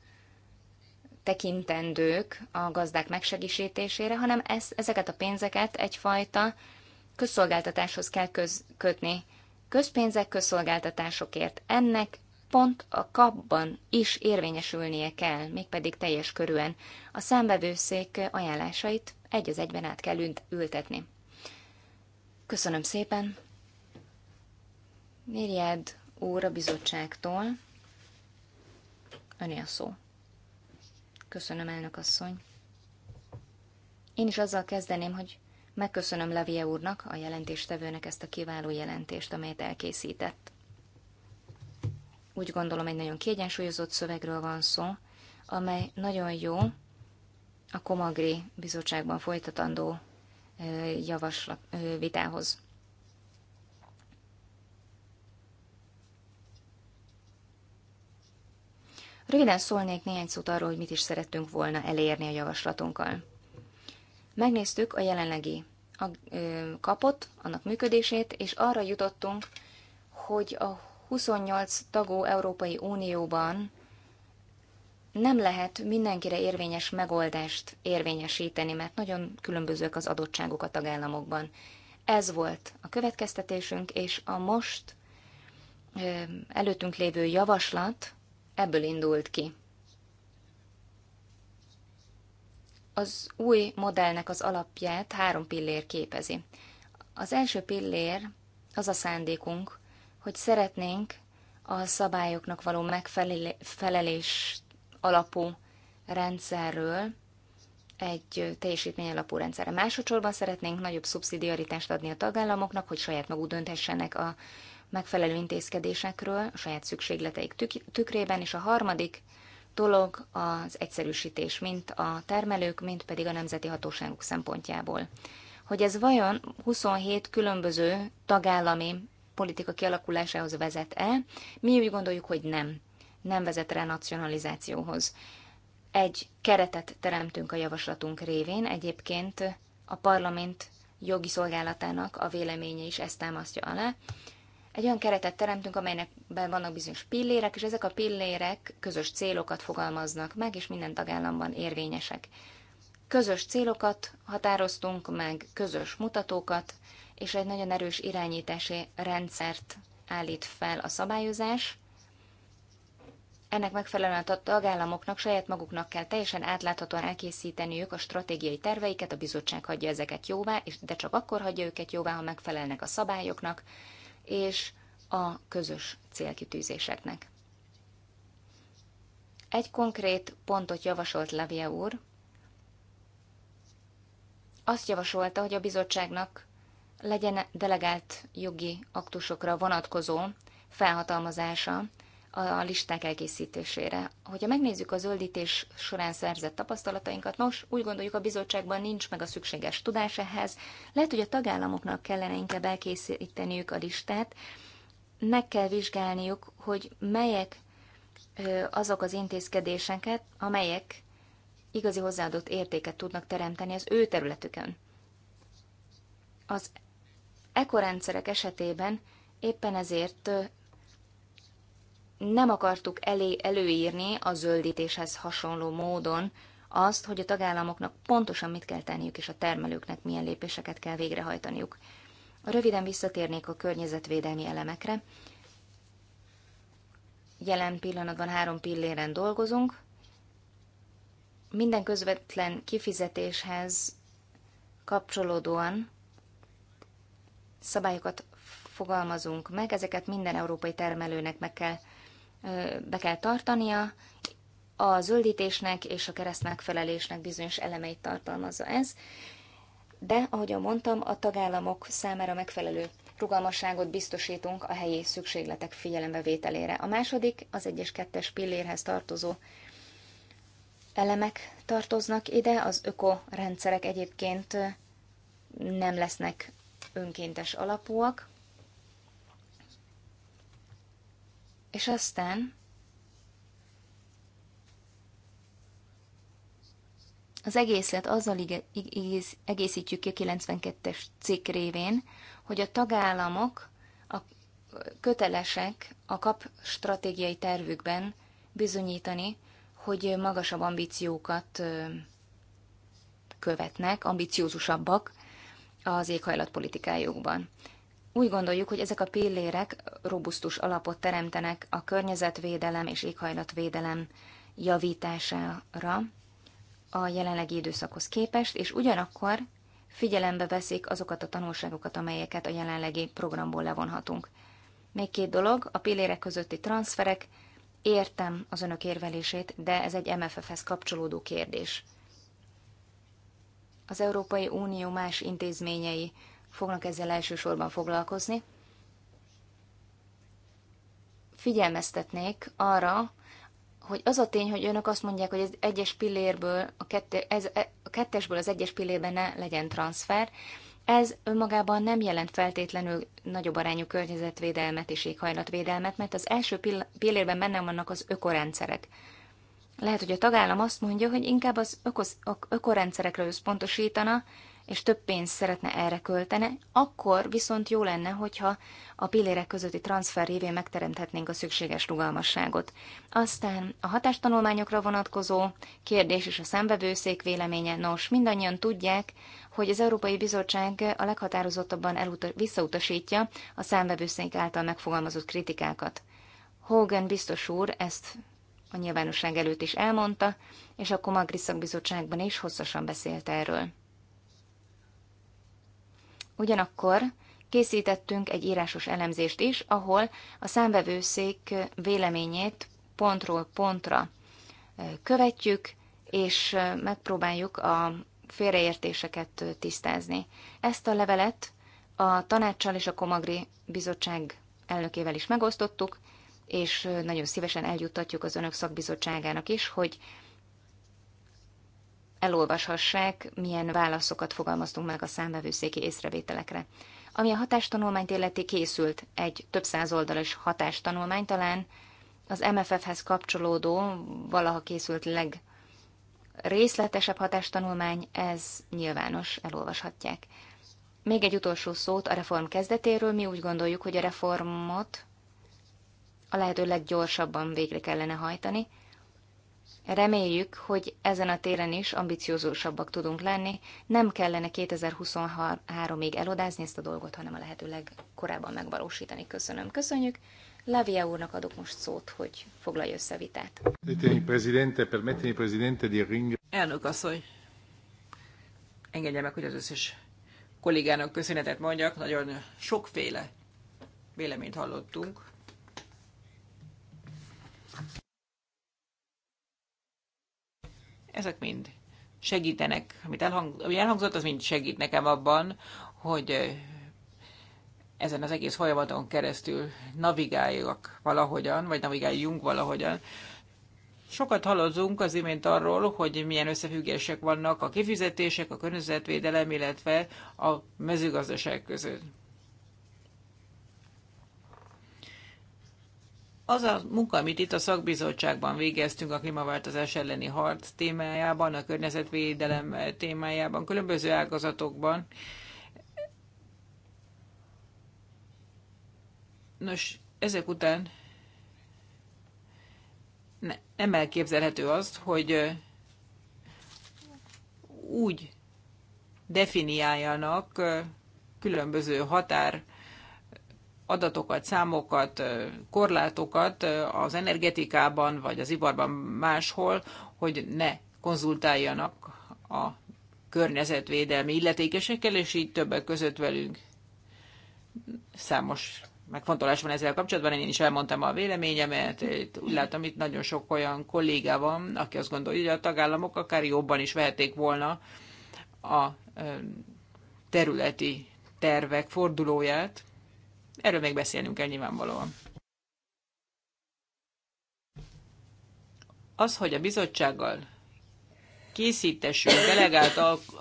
tekintendők a gazdák megsegítésére, hanem ez, ezeket a pénzeket egyfajta közszolgáltatáshoz kell köz, kötni. Közpénzek közszolgáltatásokért. Ennek pont a kapban is érvényesülnie kell, mégpedig teljes körűen. A számbevőszék ajánlásait egy az egyben át kell ültetni. Köszönöm szépen! Mirjed úr a bizottságtól Öné a szó. Köszönöm, elnök asszony. Én is azzal kezdeném, hogy megköszönöm Levie úrnak, a jelentéstevőnek ezt a kiváló jelentést, amelyet elkészített. Úgy gondolom, egy nagyon kiegyensúlyozott szövegről van szó, amely nagyon jó a Komagri bizottságban folytatandó javaslat, vitához. Röviden szólnék néhány szót arról, hogy mit is szerettünk volna elérni a javaslatunkkal. Megnéztük a jelenlegi a, ö, kapot, annak működését, és arra jutottunk, hogy a 28 tagú Európai Unióban nem lehet mindenkire érvényes megoldást érvényesíteni, mert nagyon különbözőek az adottságok a tagállamokban. Ez volt a következtetésünk, és a most előttünk lévő javaslat ebből indult ki. Az új modellnek az alapját három pillér képezi. Az első pillér az a szándékunk, hogy szeretnénk a szabályoknak való megfelelés alapú rendszerről egy teljesítmény alapú rendszerre. Másodszorban szeretnénk nagyobb szubszidiaritást adni a tagállamoknak, hogy saját maguk dönthessenek a megfelelő intézkedésekről a saját szükségleteik tükrében, és a harmadik dolog az egyszerűsítés, mint a termelők, mint pedig a nemzeti hatóságok szempontjából. Hogy ez vajon 27 különböző tagállami politika kialakulásához vezet-e, mi úgy gondoljuk, hogy nem. Nem vezet rá nacionalizációhoz. Egy keretet teremtünk a javaslatunk révén, egyébként a parlament jogi szolgálatának a véleménye is ezt támasztja alá, egy olyan keretet teremtünk, amelynek vannak bizonyos pillérek, és ezek a pillérek közös célokat fogalmaznak meg, és minden tagállamban érvényesek. Közös célokat határoztunk meg, közös mutatókat, és egy nagyon erős irányítási rendszert állít fel a szabályozás. Ennek megfelelően a tagállamoknak saját maguknak kell teljesen átláthatóan elkészíteniük a stratégiai terveiket, a bizottság hagyja ezeket jóvá, de csak akkor hagyja őket jóvá, ha megfelelnek a szabályoknak, és a közös célkitűzéseknek. Egy konkrét pontot javasolt Levje úr. Azt javasolta, hogy a bizottságnak legyen delegált jogi aktusokra vonatkozó felhatalmazása a listák elkészítésére. Hogyha megnézzük a zöldítés során szerzett tapasztalatainkat, nos, úgy gondoljuk a bizottságban nincs meg a szükséges tudás ehhez. Lehet, hogy a tagállamoknak kellene inkább elkészíteniük a listát, meg kell vizsgálniuk, hogy melyek azok az intézkedéseket, amelyek igazi hozzáadott értéket tudnak teremteni az ő területükön. Az ekorendszerek esetében éppen ezért nem akartuk elé, előírni a zöldítéshez hasonló módon azt, hogy a tagállamoknak pontosan mit kell tenniük, és a termelőknek milyen lépéseket kell végrehajtaniuk. Röviden visszatérnék a környezetvédelmi elemekre. Jelen pillanatban három pilléren dolgozunk. Minden közvetlen kifizetéshez kapcsolódóan szabályokat fogalmazunk meg, ezeket minden európai termelőnek meg kell be kell tartania, a zöldítésnek és a kereszt megfelelésnek bizonyos elemeit tartalmazza ez, de, ahogyan mondtam, a tagállamok számára megfelelő rugalmasságot biztosítunk a helyi szükségletek figyelembevételére. A második, az egyes kettes pillérhez tartozó elemek tartoznak ide, az ökorendszerek egyébként nem lesznek önkéntes alapúak, És aztán az egészet azzal egészítjük ki a 92-es cikk révén, hogy a tagállamok a kötelesek a kap stratégiai tervükben bizonyítani, hogy magasabb ambíciókat követnek, ambiciózusabbak az éghajlatpolitikájukban. Úgy gondoljuk, hogy ezek a pillérek robusztus alapot teremtenek a környezetvédelem és éghajlatvédelem javítására a jelenlegi időszakhoz képest, és ugyanakkor figyelembe veszik azokat a tanulságokat, amelyeket a jelenlegi programból levonhatunk. Még két dolog, a pillérek közötti transferek, értem az önök érvelését, de ez egy MFF-hez kapcsolódó kérdés. Az Európai Unió más intézményei fognak ezzel elsősorban foglalkozni. Figyelmeztetnék arra, hogy az a tény, hogy önök azt mondják, hogy az egyes pillérből, a, kette, ez, e, a kettesből az egyes pillérben ne legyen transfer, ez önmagában nem jelent feltétlenül nagyobb arányú környezetvédelmet és éghajlatvédelmet, mert az első pillérben benne vannak az ökorendszerek. Lehet, hogy a tagállam azt mondja, hogy inkább az ökosz, ökorendszerekre összpontosítana, és több pénzt szeretne erre költene, akkor viszont jó lenne, hogyha a pillérek közötti transfer révén megteremthetnénk a szükséges rugalmasságot. Aztán a hatástanulmányokra vonatkozó kérdés és a szembevőszék véleménye. Nos, mindannyian tudják, hogy az Európai Bizottság a leghatározottabban elutas, visszautasítja a számvevőszék által megfogalmazott kritikákat. Hogan biztos úr ezt a nyilvánosság előtt is elmondta, és a Komagri szakbizottságban is hosszasan beszélt erről. Ugyanakkor készítettünk egy írásos elemzést is, ahol a számvevőszék véleményét pontról pontra követjük, és megpróbáljuk a félreértéseket tisztázni. Ezt a levelet a tanácssal és a Komagri Bizottság elnökével is megosztottuk, és nagyon szívesen eljuttatjuk az önök szakbizottságának is, hogy elolvashassák, milyen válaszokat fogalmaztunk meg a számvevőszéki észrevételekre. Ami a hatástanulmányt illeti készült egy több száz oldalas hatástanulmány, talán az MFF-hez kapcsolódó, valaha készült leg részletesebb hatástanulmány, ez nyilvános, elolvashatják. Még egy utolsó szót a reform kezdetéről. Mi úgy gondoljuk, hogy a reformot a lehető leggyorsabban végre kellene hajtani, Reméljük, hogy ezen a téren is ambiciózusabbak tudunk lenni. Nem kellene 2023-ig elodázni ezt a dolgot, hanem a lehető legkorábban megvalósítani. Köszönöm, köszönjük. Lavia úrnak adok most szót, hogy foglalja össze a vitát. Elnök asszony, engedje meg, hogy az összes kollégának köszönetet mondjak. Nagyon sokféle véleményt hallottunk. Ezek mind segítenek, amit elhang, ami elhangzott, az mind segít nekem abban, hogy ezen az egész folyamaton keresztül navigáljak valahogyan, vagy navigáljunk valahogyan. Sokat hallozunk az imént arról, hogy milyen összefüggések vannak a kifizetések, a környezetvédelem, illetve a mezőgazdaság között. Az a munka, amit itt a szakbizottságban végeztünk a klímaváltozás elleni harc témájában, a környezetvédelem témájában, különböző ágazatokban, Nos, ezek után ne, nem elképzelhető azt, hogy úgy definiáljanak különböző határ adatokat, számokat, korlátokat az energetikában vagy az iparban máshol, hogy ne konzultáljanak a környezetvédelmi illetékesekkel, és így többek között velünk számos megfontolás van ezzel kapcsolatban, én is elmondtam a véleményemet, úgy látom itt nagyon sok olyan kollégá van, aki azt gondolja, hogy a tagállamok akár jobban is vehették volna a területi tervek fordulóját, Erről még beszélnünk kell nyilvánvalóan. Az, hogy a bizottsággal készítessünk delegált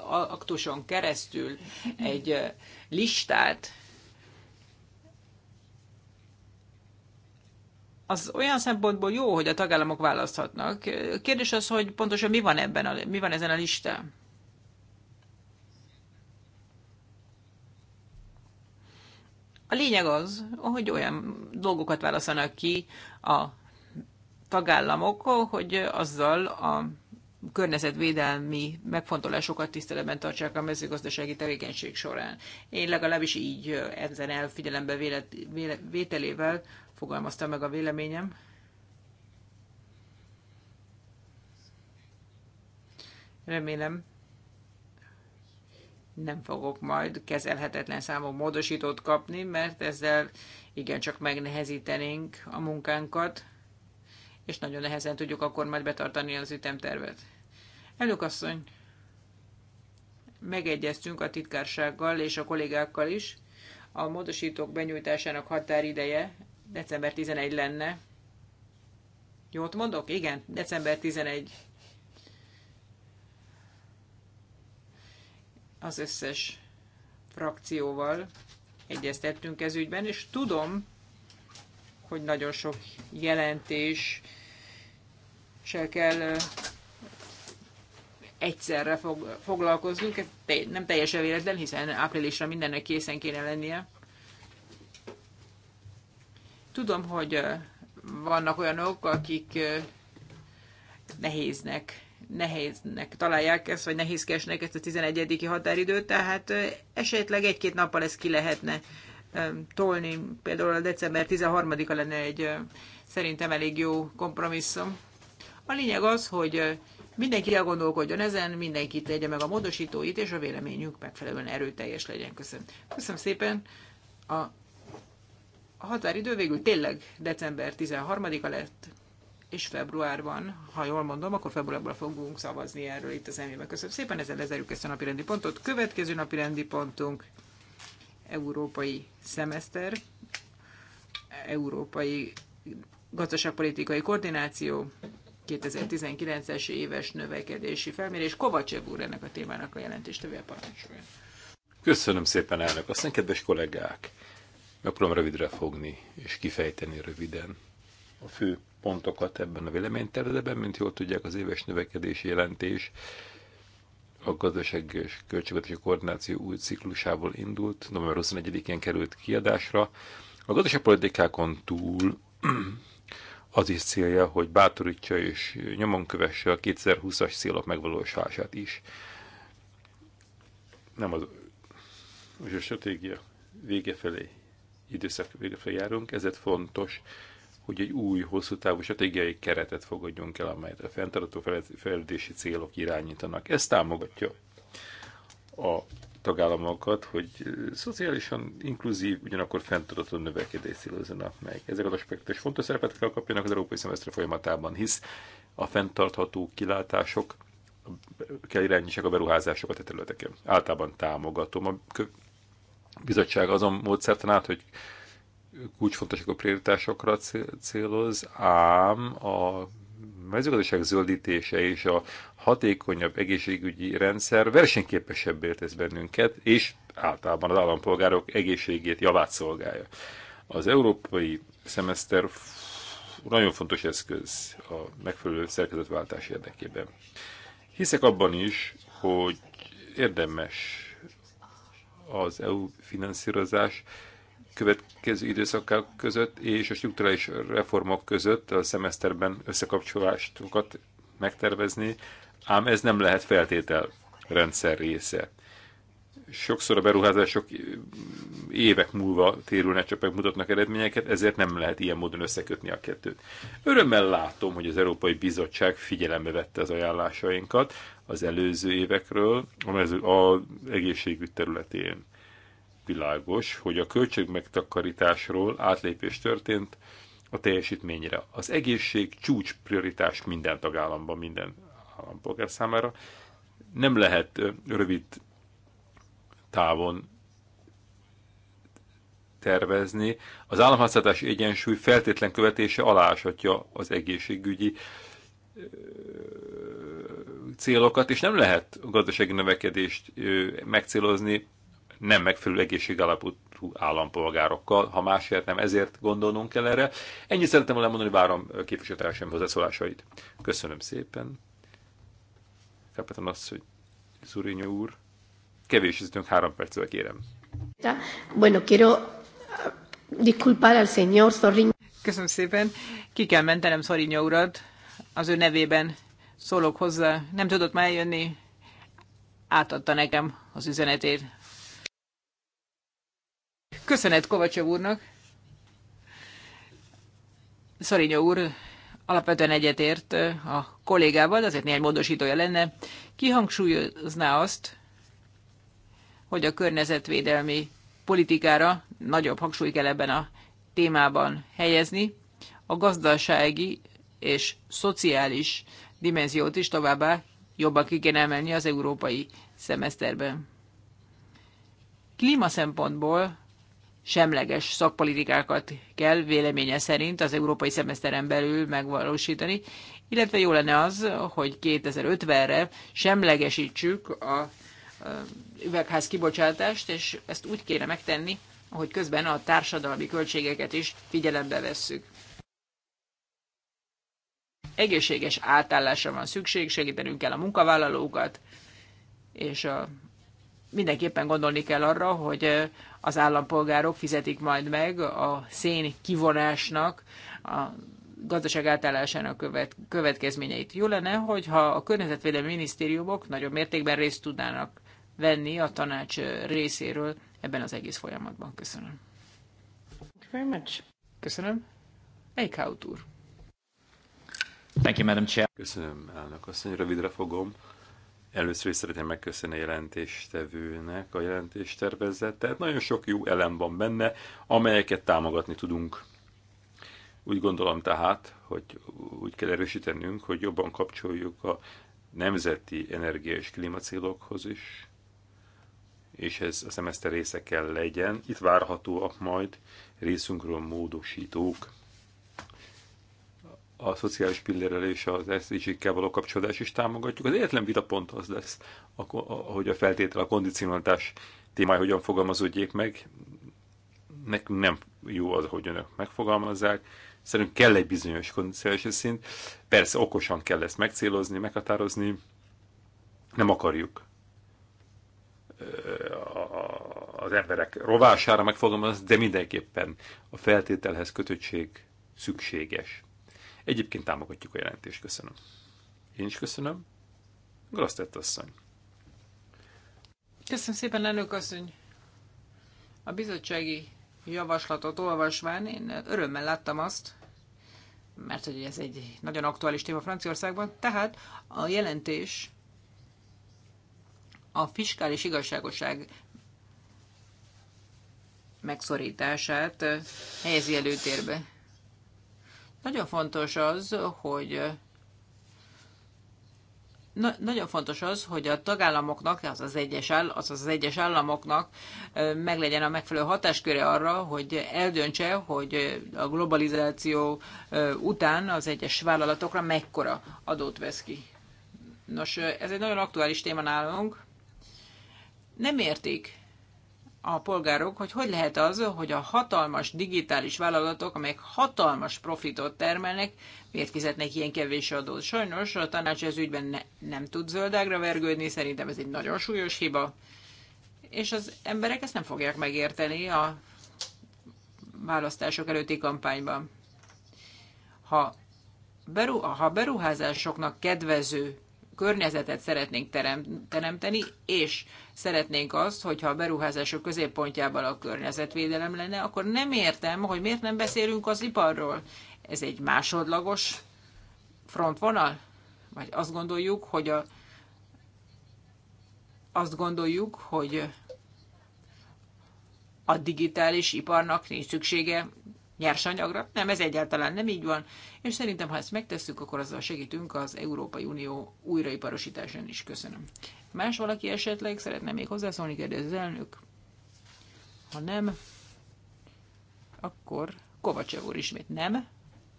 aktuson keresztül egy listát, az olyan szempontból jó, hogy a tagállamok választhatnak. Kérdés az, hogy pontosan mi van ebben, a, mi van ezen a listán? A lényeg az, hogy olyan dolgokat válaszanak ki a tagállamok, hogy azzal a környezetvédelmi megfontolásokat tiszteletben tartsák a mezőgazdasági tevékenység során. Én legalábbis így ezen elfigyelembe vélet, vélet, vételével fogalmaztam meg a véleményem. Remélem, nem fogok majd kezelhetetlen számú módosítót kapni, mert ezzel igencsak megnehezítenénk a munkánkat, és nagyon nehezen tudjuk akkor majd betartani az ütemtervet. Elnök asszony, megegyeztünk a titkársággal és a kollégákkal is, a módosítók benyújtásának határideje december 11 lenne. Jót mondok? Igen, december 11. az összes frakcióval egyeztettünk ez ügyben, és tudom, hogy nagyon sok jelentés se kell egyszerre fog, foglalkoznunk, ez nem teljesen véletlen, hiszen áprilisra mindennek készen kéne lennie. Tudom, hogy vannak olyanok, akik nehéznek nehéznek találják ezt, vagy nehézkesnek ezt a 11. határidőt, tehát esetleg egy-két nappal ezt ki lehetne tolni. Például a december 13-a lenne egy szerintem elég jó kompromisszum. A lényeg az, hogy mindenki elgondolkodjon ezen, mindenki tegye meg a módosítóit, és a véleményünk megfelelően erőteljes legyen. Köszönöm. Köszönöm szépen. A határidő végül tényleg december 13-a lett és februárban, ha jól mondom, akkor februárban fogunk szavazni erről itt az elmében. Köszönöm szépen, ezzel lezárjuk ezt a napi rendi pontot. Következő napi rendi pontunk európai szemeszter, európai gazdaságpolitikai koordináció, 2019-es éves növekedési felmérés. Kovacsev úr ennek a témának a jelentéstevője parancsolja. Köszönöm szépen, elnök. Aztán, kedves kollégák, megpróbálom rövidre fogni és kifejteni röviden a fő pontokat ebben a véleménytervezetben, mint jól tudják az éves növekedési jelentés a gazdaság és költségvetési koordináció új ciklusából indult, november 21-én került kiadásra. A gazdaságpolitikákon túl az is célja, hogy bátorítsa és nyomon kövesse a 2020-as célok megvalósulását is. Nem az, és a stratégia vége felé, időszak vége felé járunk, ezért fontos, hogy egy új, hosszú távú stratégiai keretet fogadjunk el, amelyet a fenntartó fejlődési célok irányítanak. Ez támogatja a tagállamokat, hogy szociálisan inkluzív, ugyanakkor fenntartó növekedés szílozzanak meg. Ezek az aspektus fontos szerepet kell kapjanak az európai szemesztre folyamatában, hisz a fenntartható kilátások kell irányítsák a beruházásokat a e területeken. Általában támogatom a bizottság azon módszertanát, hogy kulcsfontosak a prioritásokra céloz, ám a mezőgazdaság zöldítése és a hatékonyabb egészségügyi rendszer versenyképesebbé tesz bennünket, és általában az állampolgárok egészségét javát szolgálja. Az európai szemeszter nagyon fontos eszköz a megfelelő szerkezetváltás érdekében. Hiszek abban is, hogy érdemes az EU finanszírozás következő időszakok között és a strukturális reformok között a szemeszterben összekapcsolásokat megtervezni, ám ez nem lehet feltétel rendszer része. Sokszor a beruházások évek múlva térülnek, csak megmutatnak eredményeket, ezért nem lehet ilyen módon összekötni a kettőt. Örömmel látom, hogy az Európai Bizottság figyelembe vette az ajánlásainkat az előző évekről, az egészségügy területén világos, hogy a költségmegtakarításról átlépés történt a teljesítményre. Az egészség csúcs prioritás minden tagállamban, minden állampolgár számára. Nem lehet rövid távon tervezni. Az államháztartás egyensúly feltétlen követése aláshatja az egészségügyi célokat, és nem lehet gazdasági növekedést megcélozni nem megfelelő egészségállapotú állampolgárokkal, ha másért nem ezért gondolnunk kell erre. Ennyit szerettem volna mondani, várom képviselőtársaim hozzászólásait. Köszönöm szépen. Kapitan azt, hogy Zurinyó úr. Kevés időnk, három percre kérem. Bueno, quiero uh, disculpar al señor Zorriño. Köszönöm szépen. Ki kell mentenem Zorriño urat. Az ő nevében szólok hozzá. Nem tudott már eljönni. Átadta nekem az üzenetét. Köszönet Kovacsov úrnak. Szarinya úr alapvetően egyetért a kollégával, azért néhány módosítója lenne. Kihangsúlyozná azt, hogy a környezetvédelmi politikára nagyobb hangsúly kell ebben a témában helyezni, a gazdasági és szociális dimenziót is továbbá jobban ki kéne emelni az európai szemeszterben. Klíma szempontból semleges szakpolitikákat kell véleménye szerint az európai szemeszteren belül megvalósítani, illetve jó lenne az, hogy 2050-re semlegesítsük a üvegház kibocsátást, és ezt úgy kéne megtenni, hogy közben a társadalmi költségeket is figyelembe vesszük. Egészséges átállásra van szükség, segítenünk kell a munkavállalókat, és a, mindenképpen gondolni kell arra, hogy az állampolgárok fizetik majd meg a szén kivonásnak a gazdaság átállásának követ, következményeit. Jó lenne, hogyha a környezetvédelmi minisztériumok nagyobb mértékben részt tudnának venni a tanács részéről ebben az egész folyamatban. Köszönöm. Köszönöm. Eichhout Thank you, Madam Chair. Köszönöm, elnök asszony. Rövidre fogom. Először is szeretném megköszönni a jelentéstevőnek a jelentéstervezetet. Nagyon sok jó elem van benne, amelyeket támogatni tudunk. Úgy gondolom tehát, hogy úgy kell erősítenünk, hogy jobban kapcsoljuk a nemzeti energia és klímacélokhoz is, és ez a szemeszter része kell legyen. Itt várhatóak majd részünkről módosítók a szociális pillérrel és az SZIG-kel való kapcsolódás is támogatjuk. Az egyetlen pont az lesz, hogy a feltétel, a kondicionalitás témája hogyan fogalmazódjék meg. Nekünk nem jó az, hogy önök megfogalmazzák. Szerintünk kell egy bizonyos kondicionális szint. Persze okosan kell ezt megcélozni, meghatározni. Nem akarjuk az emberek rovására megfogalmazni, de mindenképpen a feltételhez kötöttség szükséges. Egyébként támogatjuk a jelentést. Köszönöm. Én is köszönöm. Grasztett asszony. Köszönöm szépen, elnök asszony. A bizottsági javaslatot olvasván én örömmel láttam azt, mert hogy ez egy nagyon aktuális téma Franciaországban, tehát a jelentés a fiskális igazságoság megszorítását helyezi előtérbe. Nagyon fontos az, hogy na, nagyon fontos az, hogy a tagállamoknak, az az egyes, áll, az az egyes államoknak meglegyen a megfelelő hatásköre arra, hogy eldöntse, hogy a globalizáció után az egyes vállalatokra mekkora adót vesz ki. Nos, ez egy nagyon aktuális téma nálunk. Nem értik a polgárok, hogy hogy lehet az, hogy a hatalmas digitális vállalatok, amelyek hatalmas profitot termelnek, miért fizetnek ilyen kevés adót. Sajnos a tanács ez ügyben ne, nem tud zöldágra vergődni, szerintem ez egy nagyon súlyos hiba, és az emberek ezt nem fogják megérteni a választások előtti kampányban. Ha, beru, ha beruházásoknak kedvező környezetet szeretnénk teremteni, és szeretnénk azt, hogyha a beruházások középpontjában a környezetvédelem lenne, akkor nem értem, hogy miért nem beszélünk az iparról. Ez egy másodlagos frontvonal? Vagy azt gondoljuk, hogy a, azt gondoljuk, hogy a digitális iparnak nincs szüksége nyersanyagra. Nem, ez egyáltalán nem így van, és szerintem, ha ezt megtesszük, akkor azzal segítünk az Európai Unió újraiparosításán is. Köszönöm. Más valaki esetleg szeretne még hozzászólni, kérdezi az elnök? Ha nem, akkor Kovacsev úr ismét nem,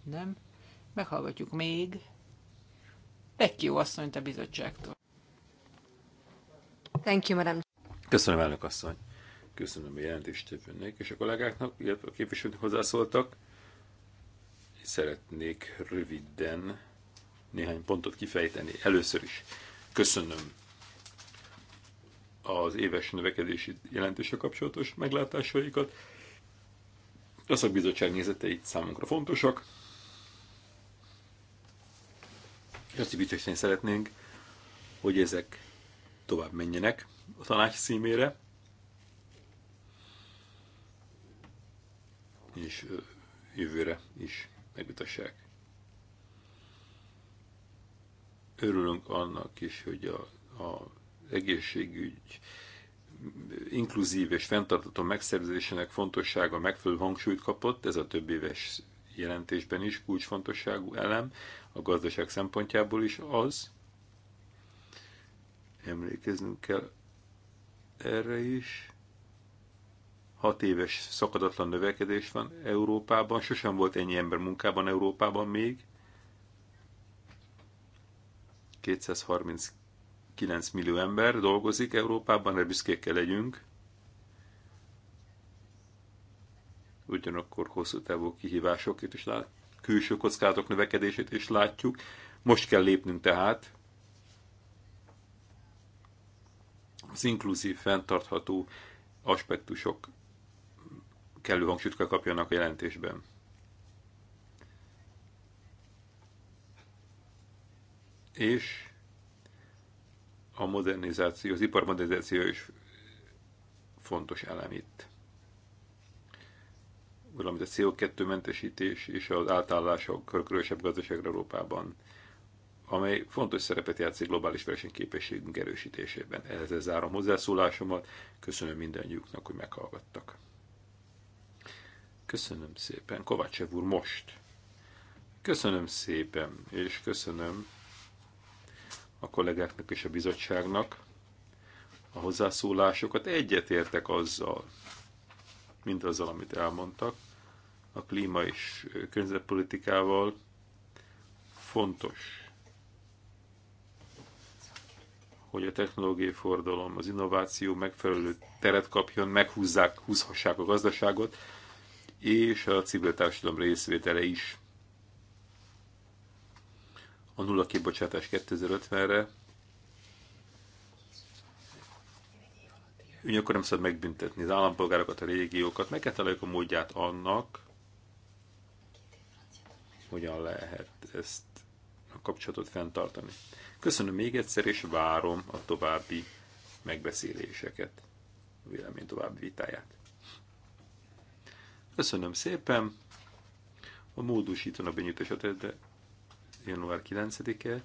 nem, meghallgatjuk még jó asszonyt a bizottságtól. Thank you, madam. Köszönöm, elnök asszony. Köszönöm a jelentéstevőnek és a kollégáknak, illetve a képviselőnek hozzászóltak. Szeretnék röviden néhány pontot kifejteni. Először is köszönöm az éves növekedési jelentése kapcsolatos meglátásaikat. A szakbizottság nézeteit számunkra fontosak. Azt is szeretnénk, hogy ezek tovább menjenek a tanács címére, és jövőre is megvitassák. Örülünk annak is, hogy a, egészségügy inkluzív és fenntartató megszerzésének fontossága megfelelő hangsúlyt kapott, ez a több éves jelentésben is kulcsfontosságú elem, a gazdaság szempontjából is az, emlékeznünk kell erre is, hat éves szakadatlan növekedés van Európában, sosem volt ennyi ember munkában Európában még. 239 millió ember dolgozik Európában, ne büszkék kell legyünk. Ugyanakkor hosszú távú kihívásokat is lát, külső kockázatok növekedését is látjuk. Most kell lépnünk tehát. Az inkluzív, fenntartható aspektusok kellő hangsúlyt kell kapjanak a jelentésben. És a modernizáció, az iparmodernizáció is fontos elem itt. Valamint a CO2 mentesítés és az átállás a körkörösebb gazdaságra Európában, amely fontos szerepet játszik globális versenyképességünk erősítésében. Ehhez zárom hozzászólásomat, köszönöm mindannyiuknak, hogy meghallgattak. Köszönöm szépen. Kovácsev úr, most. Köszönöm szépen, és köszönöm a kollégáknak és a bizottságnak a hozzászólásokat. Egyetértek azzal, mint azzal, amit elmondtak, a klíma és környezetpolitikával fontos, hogy a technológiai fordalom, az innováció megfelelő teret kapjon, meghúzzák, húzhassák a gazdaságot, és a civil társadalom részvétele is. A nulla kibocsátás 2050-re akkor nem szabad megbüntetni az állampolgárokat, a régiókat, meg kell találjuk a módját annak, hogyan lehet ezt a kapcsolatot fenntartani. Köszönöm még egyszer, és várom a további megbeszéléseket, a vélemény további vitáját. Köszönöm szépen. A módosítónak benyújtása de január 9-e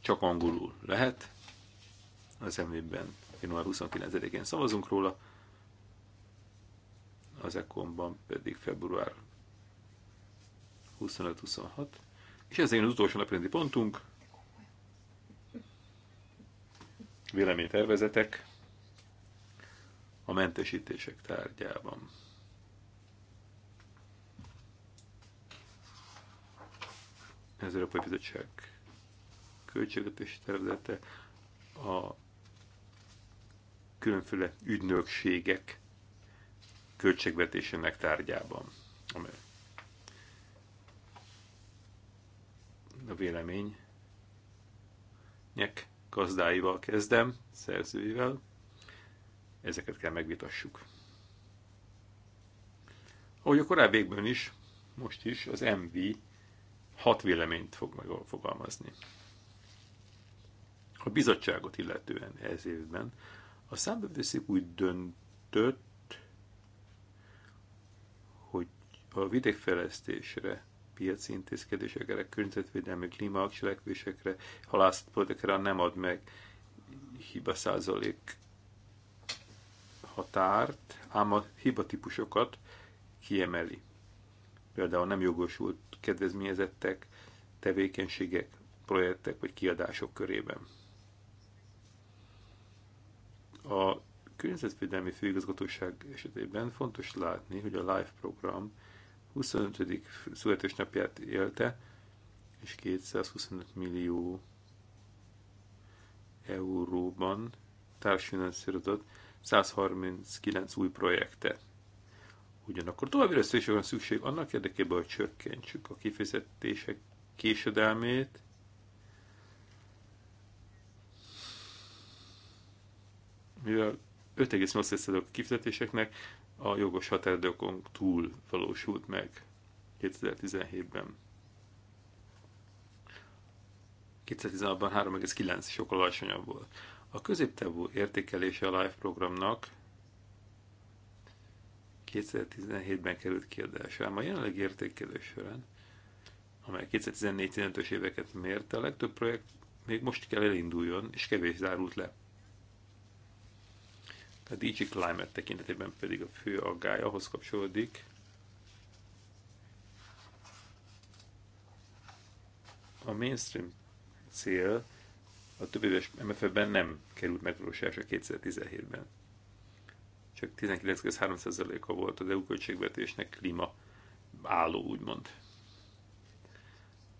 csak angolul lehet. Az emlékben január 29-én szavazunk róla, az ekonban pedig február 25-26. És ez az utolsó naprendi pontunk. Véleménytervezetek a mentesítések tárgyában. az Európai Bizottság költségvetési területe, a különféle ügynökségek költségvetésének tárgyában, a véleménynek, gazdáival kezdem, szerzőivel. Ezeket kell megvitassuk. Ahogy a korábbiakban is, most is az MV hat véleményt fog megfogalmazni. A bizottságot illetően ez évben a számbevőszék úgy döntött, hogy a vidékfejlesztésre, piaci intézkedésekre, környezetvédelmi klímacselekvésekre, halászatpolitikára nem ad meg hiba százalék határt, ám a hibatípusokat kiemeli például nem jogosult kedvezményezettek, tevékenységek, projektek vagy kiadások körében. A Környezetvédelmi Főigazgatóság esetében fontos látni, hogy a LIFE program 25. születésnapját élte, és 225 millió euróban társfinanszírozott 139 új projektet. Ugyanakkor további is van szükség annak érdekében, hogy csökkentsük a kifizetések késedelmét, mivel 5,8% a kifizetéseknek a jogos határidőkon túl valósult meg 2017-ben. 2016-ban 3,9 sokkal alacsonyabb volt. A középtávú értékelése a LIFE programnak 2017-ben került kiadásra. A jelenleg értékelés során, amely 2014-15-ös éveket mérte, a legtöbb projekt még most kell elinduljon, és kevés zárult le. A DG Climate tekintetében pedig a fő aggály ahhoz kapcsolódik, a mainstream cél a többéves MFF-ben nem került megvalósításra 2017-ben csak 19,3%-a volt az EU költségvetésnek klíma álló, úgymond.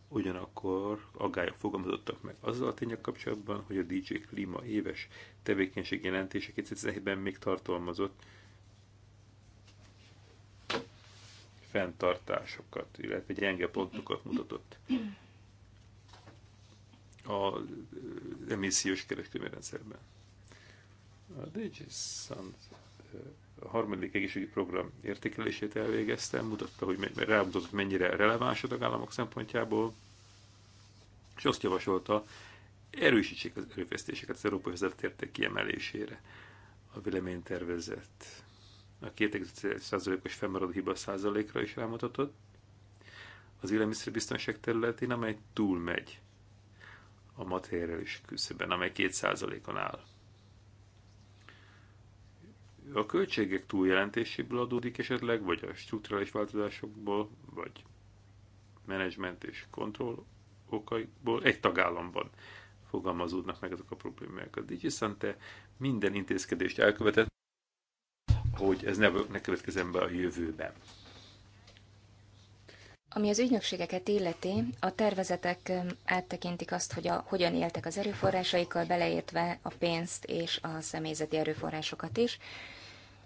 Ugyanakkor aggályok fogalmazottak meg azzal a tények kapcsolatban, hogy a DJ Klíma éves tevékenység jelentése 2017-ben még tartalmazott fenntartásokat, illetve gyenge pontokat mutatott az emissziós kereskedelmi rendszerben. A DJ Suns a harmadik egészségügyi program értékelését elvégezte, mutatta, hogy rámutatott, mennyire releváns a tagállamok szempontjából, és azt javasolta, erősítsék az erőfeszítéseket az európai Érték kiemelésére a véleménytervezet. A 2,1%-os fennmaradó hiba százalékra is rámutatott, az élelmiszerbiztonság területén, amely túlmegy a materiális küszöben, amely 2%-on áll a költségek túljelentéséből adódik esetleg, vagy a strukturális változásokból, vagy menedzsment és kontroll okaiból egy tagállamban fogalmazódnak meg ezek a problémák. A DigiSante minden intézkedést elkövetett, hogy ez ne, ne következzen be a jövőben. Ami az ügynökségeket illeti, a tervezetek áttekintik azt, hogy a, hogyan éltek az erőforrásaikkal, beleértve a pénzt és a személyzeti erőforrásokat is.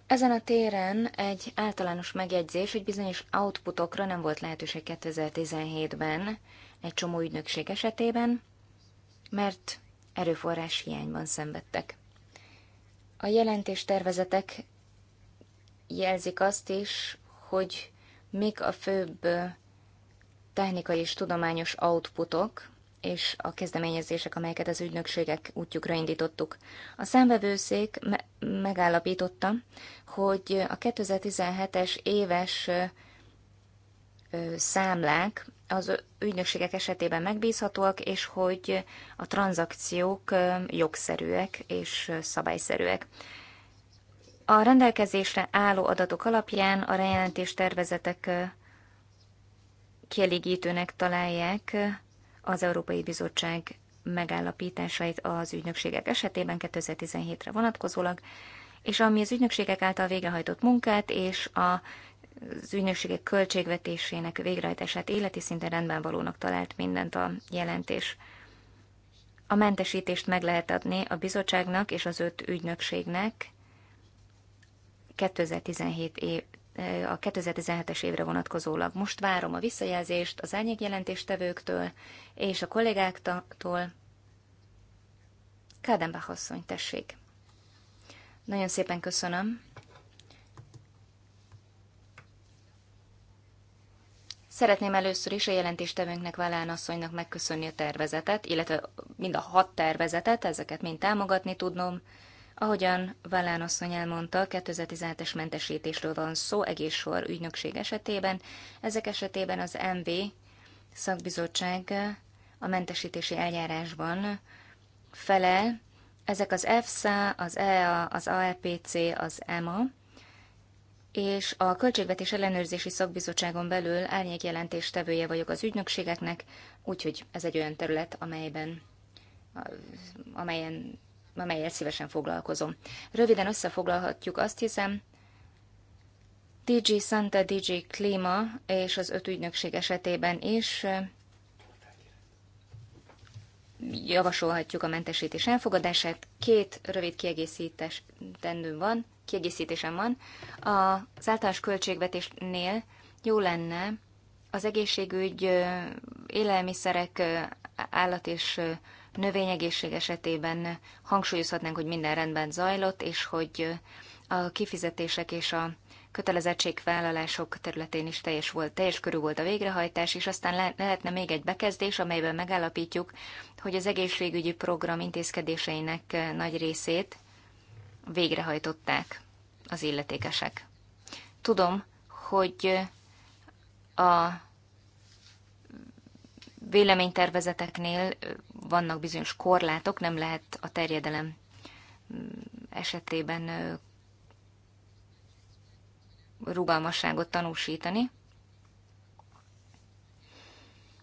Ezen a téren egy általános megjegyzés, hogy bizonyos outputokra nem volt lehetőség 2017-ben egy csomó ügynökség esetében, mert erőforrás hiányban szenvedtek. A jelentés tervezetek jelzik azt is, hogy mik a főbb technikai és tudományos outputok, és a kezdeményezések, amelyeket az ügynökségek útjukra indítottuk. A számvevőszék me- megállapította, hogy a 2017-es éves számlák az ügynökségek esetében megbízhatóak, és hogy a tranzakciók jogszerűek és szabályszerűek. A rendelkezésre álló adatok alapján a rejelentés tervezetek kielégítőnek találják az Európai Bizottság megállapításait az ügynökségek esetében 2017-re vonatkozólag, és ami az ügynökségek által végrehajtott munkát és a az ügynökségek költségvetésének végrehajtását életi szinten rendben valónak talált mindent a jelentés. A mentesítést meg lehet adni a bizottságnak és az öt ügynökségnek 2017 év a 2017-es évre vonatkozólag. Most várom a visszajelzést az árnyékjelentéstevőktől és a kollégáktól. Kádenbach asszony, tessék! Nagyon szépen köszönöm. Szeretném először is a jelentéstevőnknek, Valán asszonynak megköszönni a tervezetet, illetve mind a hat tervezetet, ezeket mind támogatni tudnom. Ahogyan Valán asszony elmondta, 2017-es mentesítésről van szó egész sor ügynökség esetében. Ezek esetében az MV szakbizottság a mentesítési eljárásban felel. Ezek az EFSA, az EA, az ALPC, e az EMA, és a Költségvetés Ellenőrzési Szakbizottságon belül tevője vagyok az ügynökségeknek, úgyhogy ez egy olyan terület, amelyben amelyen amelyel szívesen foglalkozom. Röviden összefoglalhatjuk azt hiszem, DG Santa, DG Klima és az öt ügynökség esetében is eh, javasolhatjuk a mentesítés elfogadását. Két rövid kiegészítés tennünk van, kiegészítésem van. Az általános költségvetésnél jó lenne az egészségügy, eh, élelmiszerek, eh, állat és növényegészség esetében hangsúlyozhatnánk, hogy minden rendben zajlott, és hogy a kifizetések és a kötelezettségvállalások területén is teljes volt, teljes körül volt a végrehajtás, és aztán lehetne még egy bekezdés, amelyben megállapítjuk, hogy az egészségügyi program intézkedéseinek nagy részét végrehajtották az illetékesek. Tudom, hogy a véleménytervezeteknél vannak bizonyos korlátok, nem lehet a terjedelem mm, esetében rugalmasságot tanúsítani.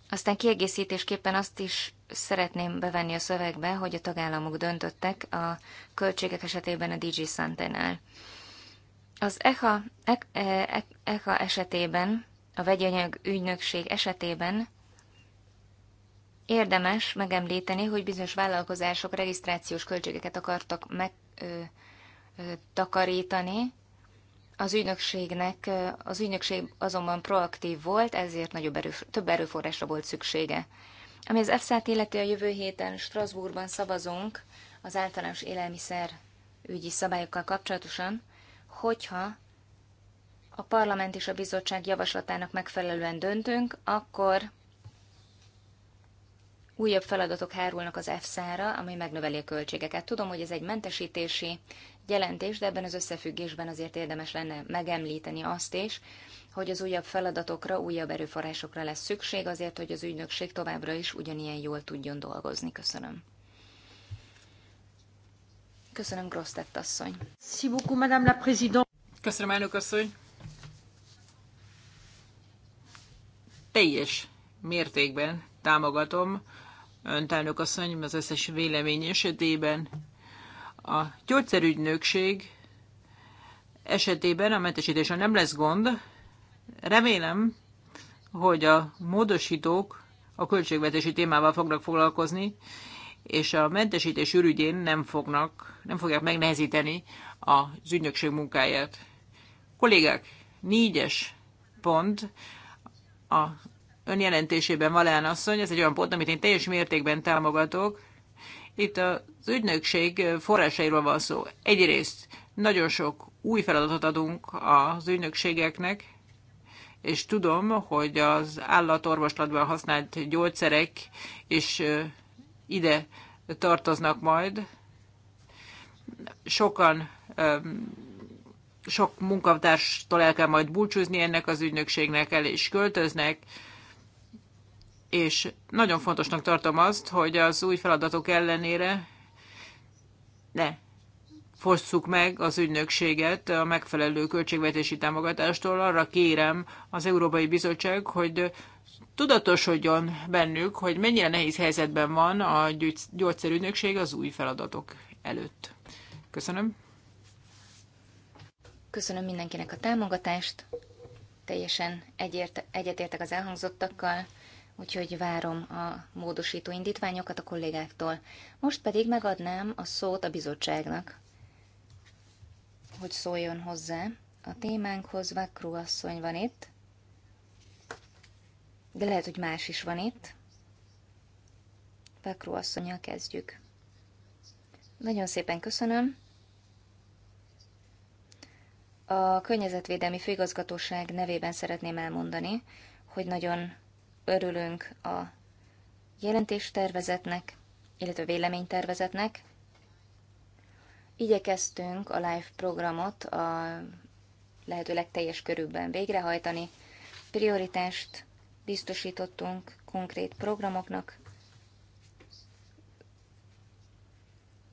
Aztán kiegészítésképpen azt is szeretném bevenni a szövegbe, hogy a tagállamok döntöttek a költségek esetében a DG Santenál. Az EHA, e, e, EHA e esetében, a vegyanyag ügynökség esetében Érdemes megemlíteni, hogy bizonyos vállalkozások regisztrációs költségeket akartak megtakarítani. Az ügynökségnek, az ügynökség azonban proaktív volt, ezért nagyobb erő, több erőforrásra volt szüksége. Ami az EFSA-t illeti a jövő héten Strasbourgban szavazunk az általános élelmiszer ügyi szabályokkal kapcsolatosan, hogyha a parlament és a bizottság javaslatának megfelelően döntünk, akkor újabb feladatok hárulnak az EFSA-ra, ami megnöveli a költségeket. Tudom, hogy ez egy mentesítési jelentés, de ebben az összefüggésben azért érdemes lenne megemlíteni azt is, hogy az újabb feladatokra, újabb erőforrásokra lesz szükség azért, hogy az ügynökség továbbra is ugyanilyen jól tudjon dolgozni. Köszönöm. Köszönöm, Grosztett asszony. Köszönöm, elnök asszony. Teljes mértékben támogatom önt, elnök asszony, az összes vélemény esetében. A gyógyszerügynökség esetében a mentesítésen nem lesz gond. Remélem, hogy a módosítók a költségvetési témával fognak foglalkozni, és a mentesítés ürügyén nem, fognak, nem fogják megnehezíteni az ügynökség munkáját. Kollégák, négyes pont a önjelentésében Valán asszony, ez egy olyan pont, amit én teljes mértékben támogatok. Itt az ügynökség forrásairól van szó. Egyrészt nagyon sok új feladatot adunk az ügynökségeknek, és tudom, hogy az állatorvoslatban használt gyógyszerek is ide tartoznak majd. Sokan, sok munkatárstól el kell majd búcsúzni ennek az ügynökségnek, el és költöznek, és nagyon fontosnak tartom azt, hogy az új feladatok ellenére ne fosszuk meg az ügynökséget a megfelelő költségvetési támogatástól. Arra kérem az Európai Bizottság, hogy tudatosodjon bennük, hogy mennyire nehéz helyzetben van a gyógyszerügynökség az új feladatok előtt. Köszönöm. Köszönöm mindenkinek a támogatást. Teljesen egyért, egyetértek az elhangzottakkal úgyhogy várom a módosító indítványokat a kollégáktól. Most pedig megadnám a szót a bizottságnak, hogy szóljon hozzá. A témánkhoz Vakru asszony van itt, de lehet, hogy más is van itt. Vakru asszonyjal kezdjük. Nagyon szépen köszönöm. A Környezetvédelmi Főigazgatóság nevében szeretném elmondani, hogy nagyon Örülünk a jelentéstervezetnek, illetve véleménytervezetnek. Igyekeztünk a live programot a lehető legteljes körülben végrehajtani. Prioritást biztosítottunk konkrét programoknak,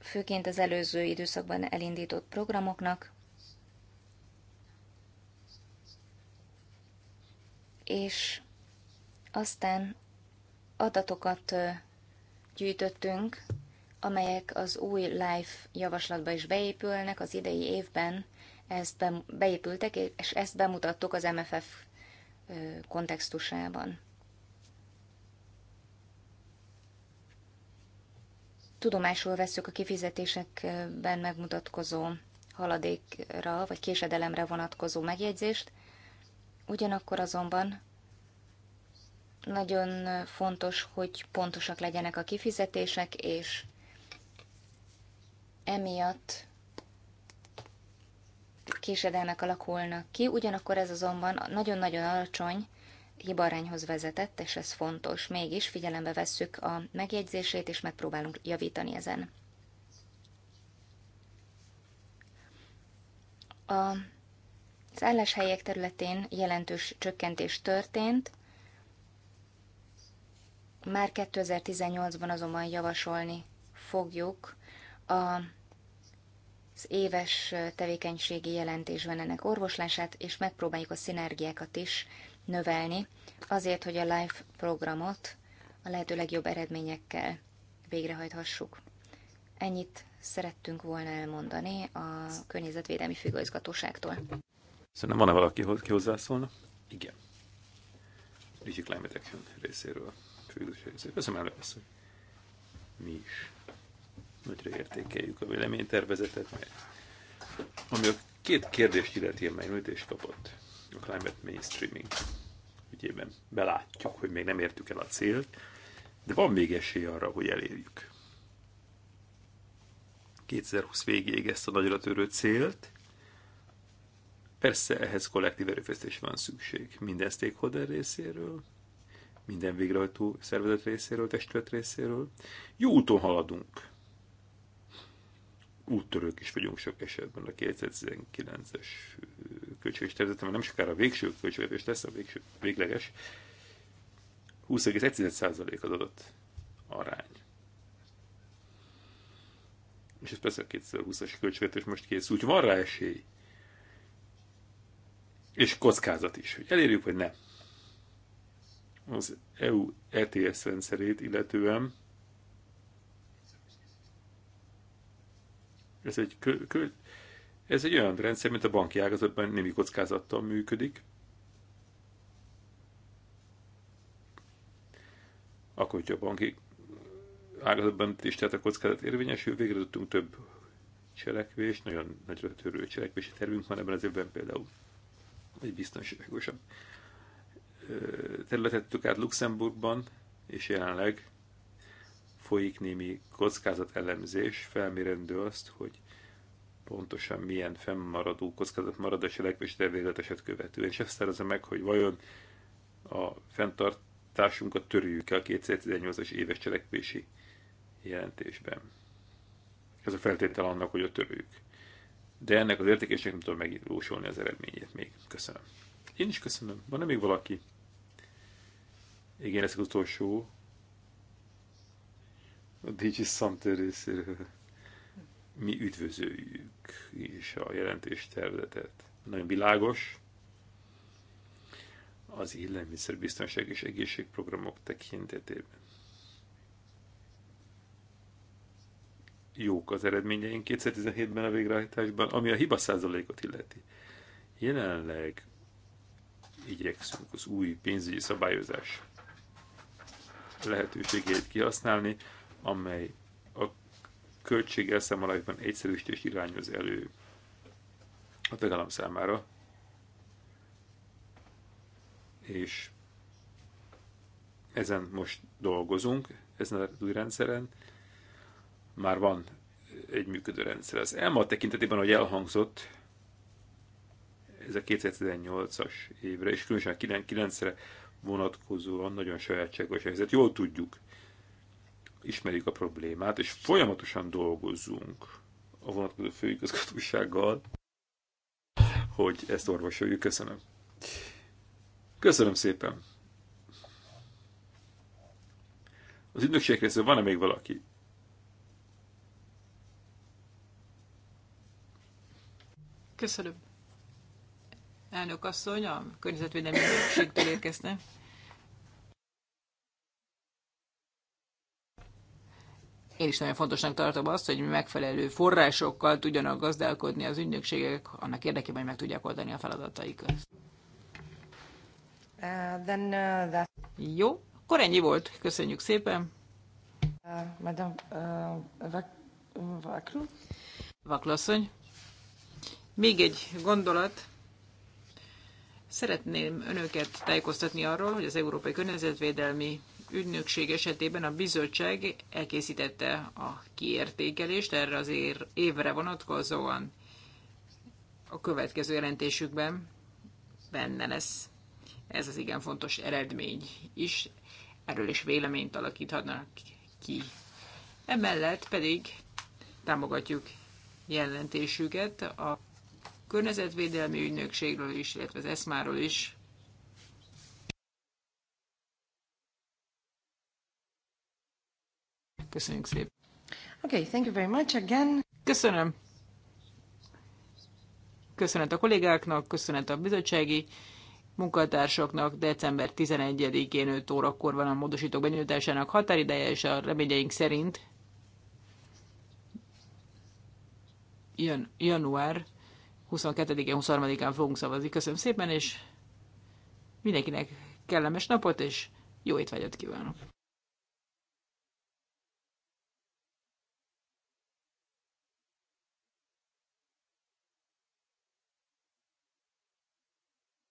főként az előző időszakban elindított programoknak, és aztán adatokat gyűjtöttünk, amelyek az új LIFE javaslatba is beépülnek. Az idei évben ezt beépültek, és ezt bemutattuk az MFF kontextusában. Tudomásul veszük, a kifizetésekben megmutatkozó haladékra vagy késedelemre vonatkozó megjegyzést, ugyanakkor azonban nagyon fontos, hogy pontosak legyenek a kifizetések, és emiatt késedelmek alakulnak ki, ugyanakkor ez azonban nagyon-nagyon alacsony hibarányhoz vezetett, és ez fontos. Mégis figyelembe vesszük a megjegyzését, és megpróbálunk javítani ezen. A az álláshelyek területén jelentős csökkentés történt, már 2018-ban azonban javasolni fogjuk a, az éves tevékenységi jelentésben ennek orvoslását, és megpróbáljuk a szinergiákat is növelni, azért, hogy a LIFE programot a lehető legjobb eredményekkel végrehajthassuk. Ennyit szerettünk volna elmondani a Környezetvédelmi Függőzgatóságtól. Szerintem van-e valaki, ki hozzászólna? Igen. Ügyik Climate Action részéről. Sürgős helyzet. Veszem elő hogy mi is nagyra értékeljük a véleménytervezetet, mert ami a két kérdést illeti, amely nőtés kapott a climate mainstreaming ügyében. Belátjuk, hogy még nem értük el a célt, de van még esély arra, hogy elérjük. 2020 végéig ezt a nagyra törő célt. Persze ehhez kollektív erőfeszítés van szükség minden stakeholder részéről, minden végrehajtó szervezet részéről, testület részéről. Jó úton haladunk. Úttörők is vagyunk sok esetben a 2019-es költséges tervezetben, nem sokára a végső költségvetés lesz a végső, végleges. 20,1% az adott arány. És ez persze a 2020-as költségvetés most kész, úgy van rá esély. És kockázat is, hogy elérjük, vagy nem az EU ETS rendszerét illetően. Ez egy, kö, kö, ez egy olyan rendszer, mint a banki ágazatban némi kockázattal működik. Akkor, hogyha a banki ágazatban is tehát a kockázat érvényesül, végre tudtunk több cselekvést, nagyon nagyra törő cselekvési tervünk van ebben az évben például, egy biztonságosabb területettük át Luxemburgban, és jelenleg folyik némi elemzés, felmérendő azt, hogy pontosan milyen fennmaradó kockázat marad a cselekvés tervéleteset követően. És ezt szerezze meg, hogy vajon a fenntartásunkat törjük a 2018-as éves cselekvési jelentésben. Ez a feltétel annak, hogy a törjük. De ennek az értékésnek nem tudom megjósolni az eredményét még. Köszönöm. Én is köszönöm. Van-e még valaki? Igen, ez az utolsó. A Digi Santé részéről. Mi üdvözöljük is a jelentés területet. Nagyon világos. Az biztonság és egészségprogramok tekintetében. Jók az eredményeink 2017-ben a végrehajtásban, ami a hiba százalékot illeti. Jelenleg igyekszünk az új pénzügyi szabályozás lehetőségét kihasználni, amely a költség elszámolásban egyszerűsítést irányoz elő a tagállam számára, és ezen most dolgozunk, ezen a új rendszeren. Már van egy működő rendszer. Az ELMA tekintetében, hogy elhangzott, ez a 2018-as évre, és különösen a 9-re vonatkozóan nagyon sajátságos helyzet. Jól tudjuk, ismerjük a problémát, és folyamatosan dolgozzunk a vonatkozó főigazgatósággal, hogy ezt orvosoljuk. Köszönöm. Köszönöm szépen. Az ügynökség részéről van-e még valaki? Köszönöm elnök asszony, a környezetvédelmi ügynökségtől érkezne. Én is nagyon fontosnak tartom azt, hogy megfelelő forrásokkal tudjanak gazdálkodni az ügynökségek, annak érdekében, hogy meg tudják oldani a feladataikat. Uh, then, uh, that... Jó, akkor ennyi volt. Köszönjük szépen. Uh, Madame uh, Vak Vaklu? Vaklasszony. Még egy gondolat. Szeretném önöket tájékoztatni arról, hogy az Európai Környezetvédelmi Ügynökség esetében a bizottság elkészítette a kiértékelést erre az évre vonatkozóan a következő jelentésükben benne lesz. Ez az igen fontos eredmény is. Erről is véleményt alakíthatnak ki. Emellett pedig támogatjuk jelentésüket a környezetvédelmi ügynökségről is, illetve az ESMÁ-ról is. Köszönjük szépen. Okay, thank you very much again. Köszönöm. Köszönet a kollégáknak, köszönet a bizottsági munkatársaknak. December 11-én 5 órakor van a módosítók benyújtásának határideje, és a reményeink szerint jön január 22-én, 23-án fogunk szavazni. Köszönöm szépen, és mindenkinek kellemes napot, és jó étvágyat kívánok!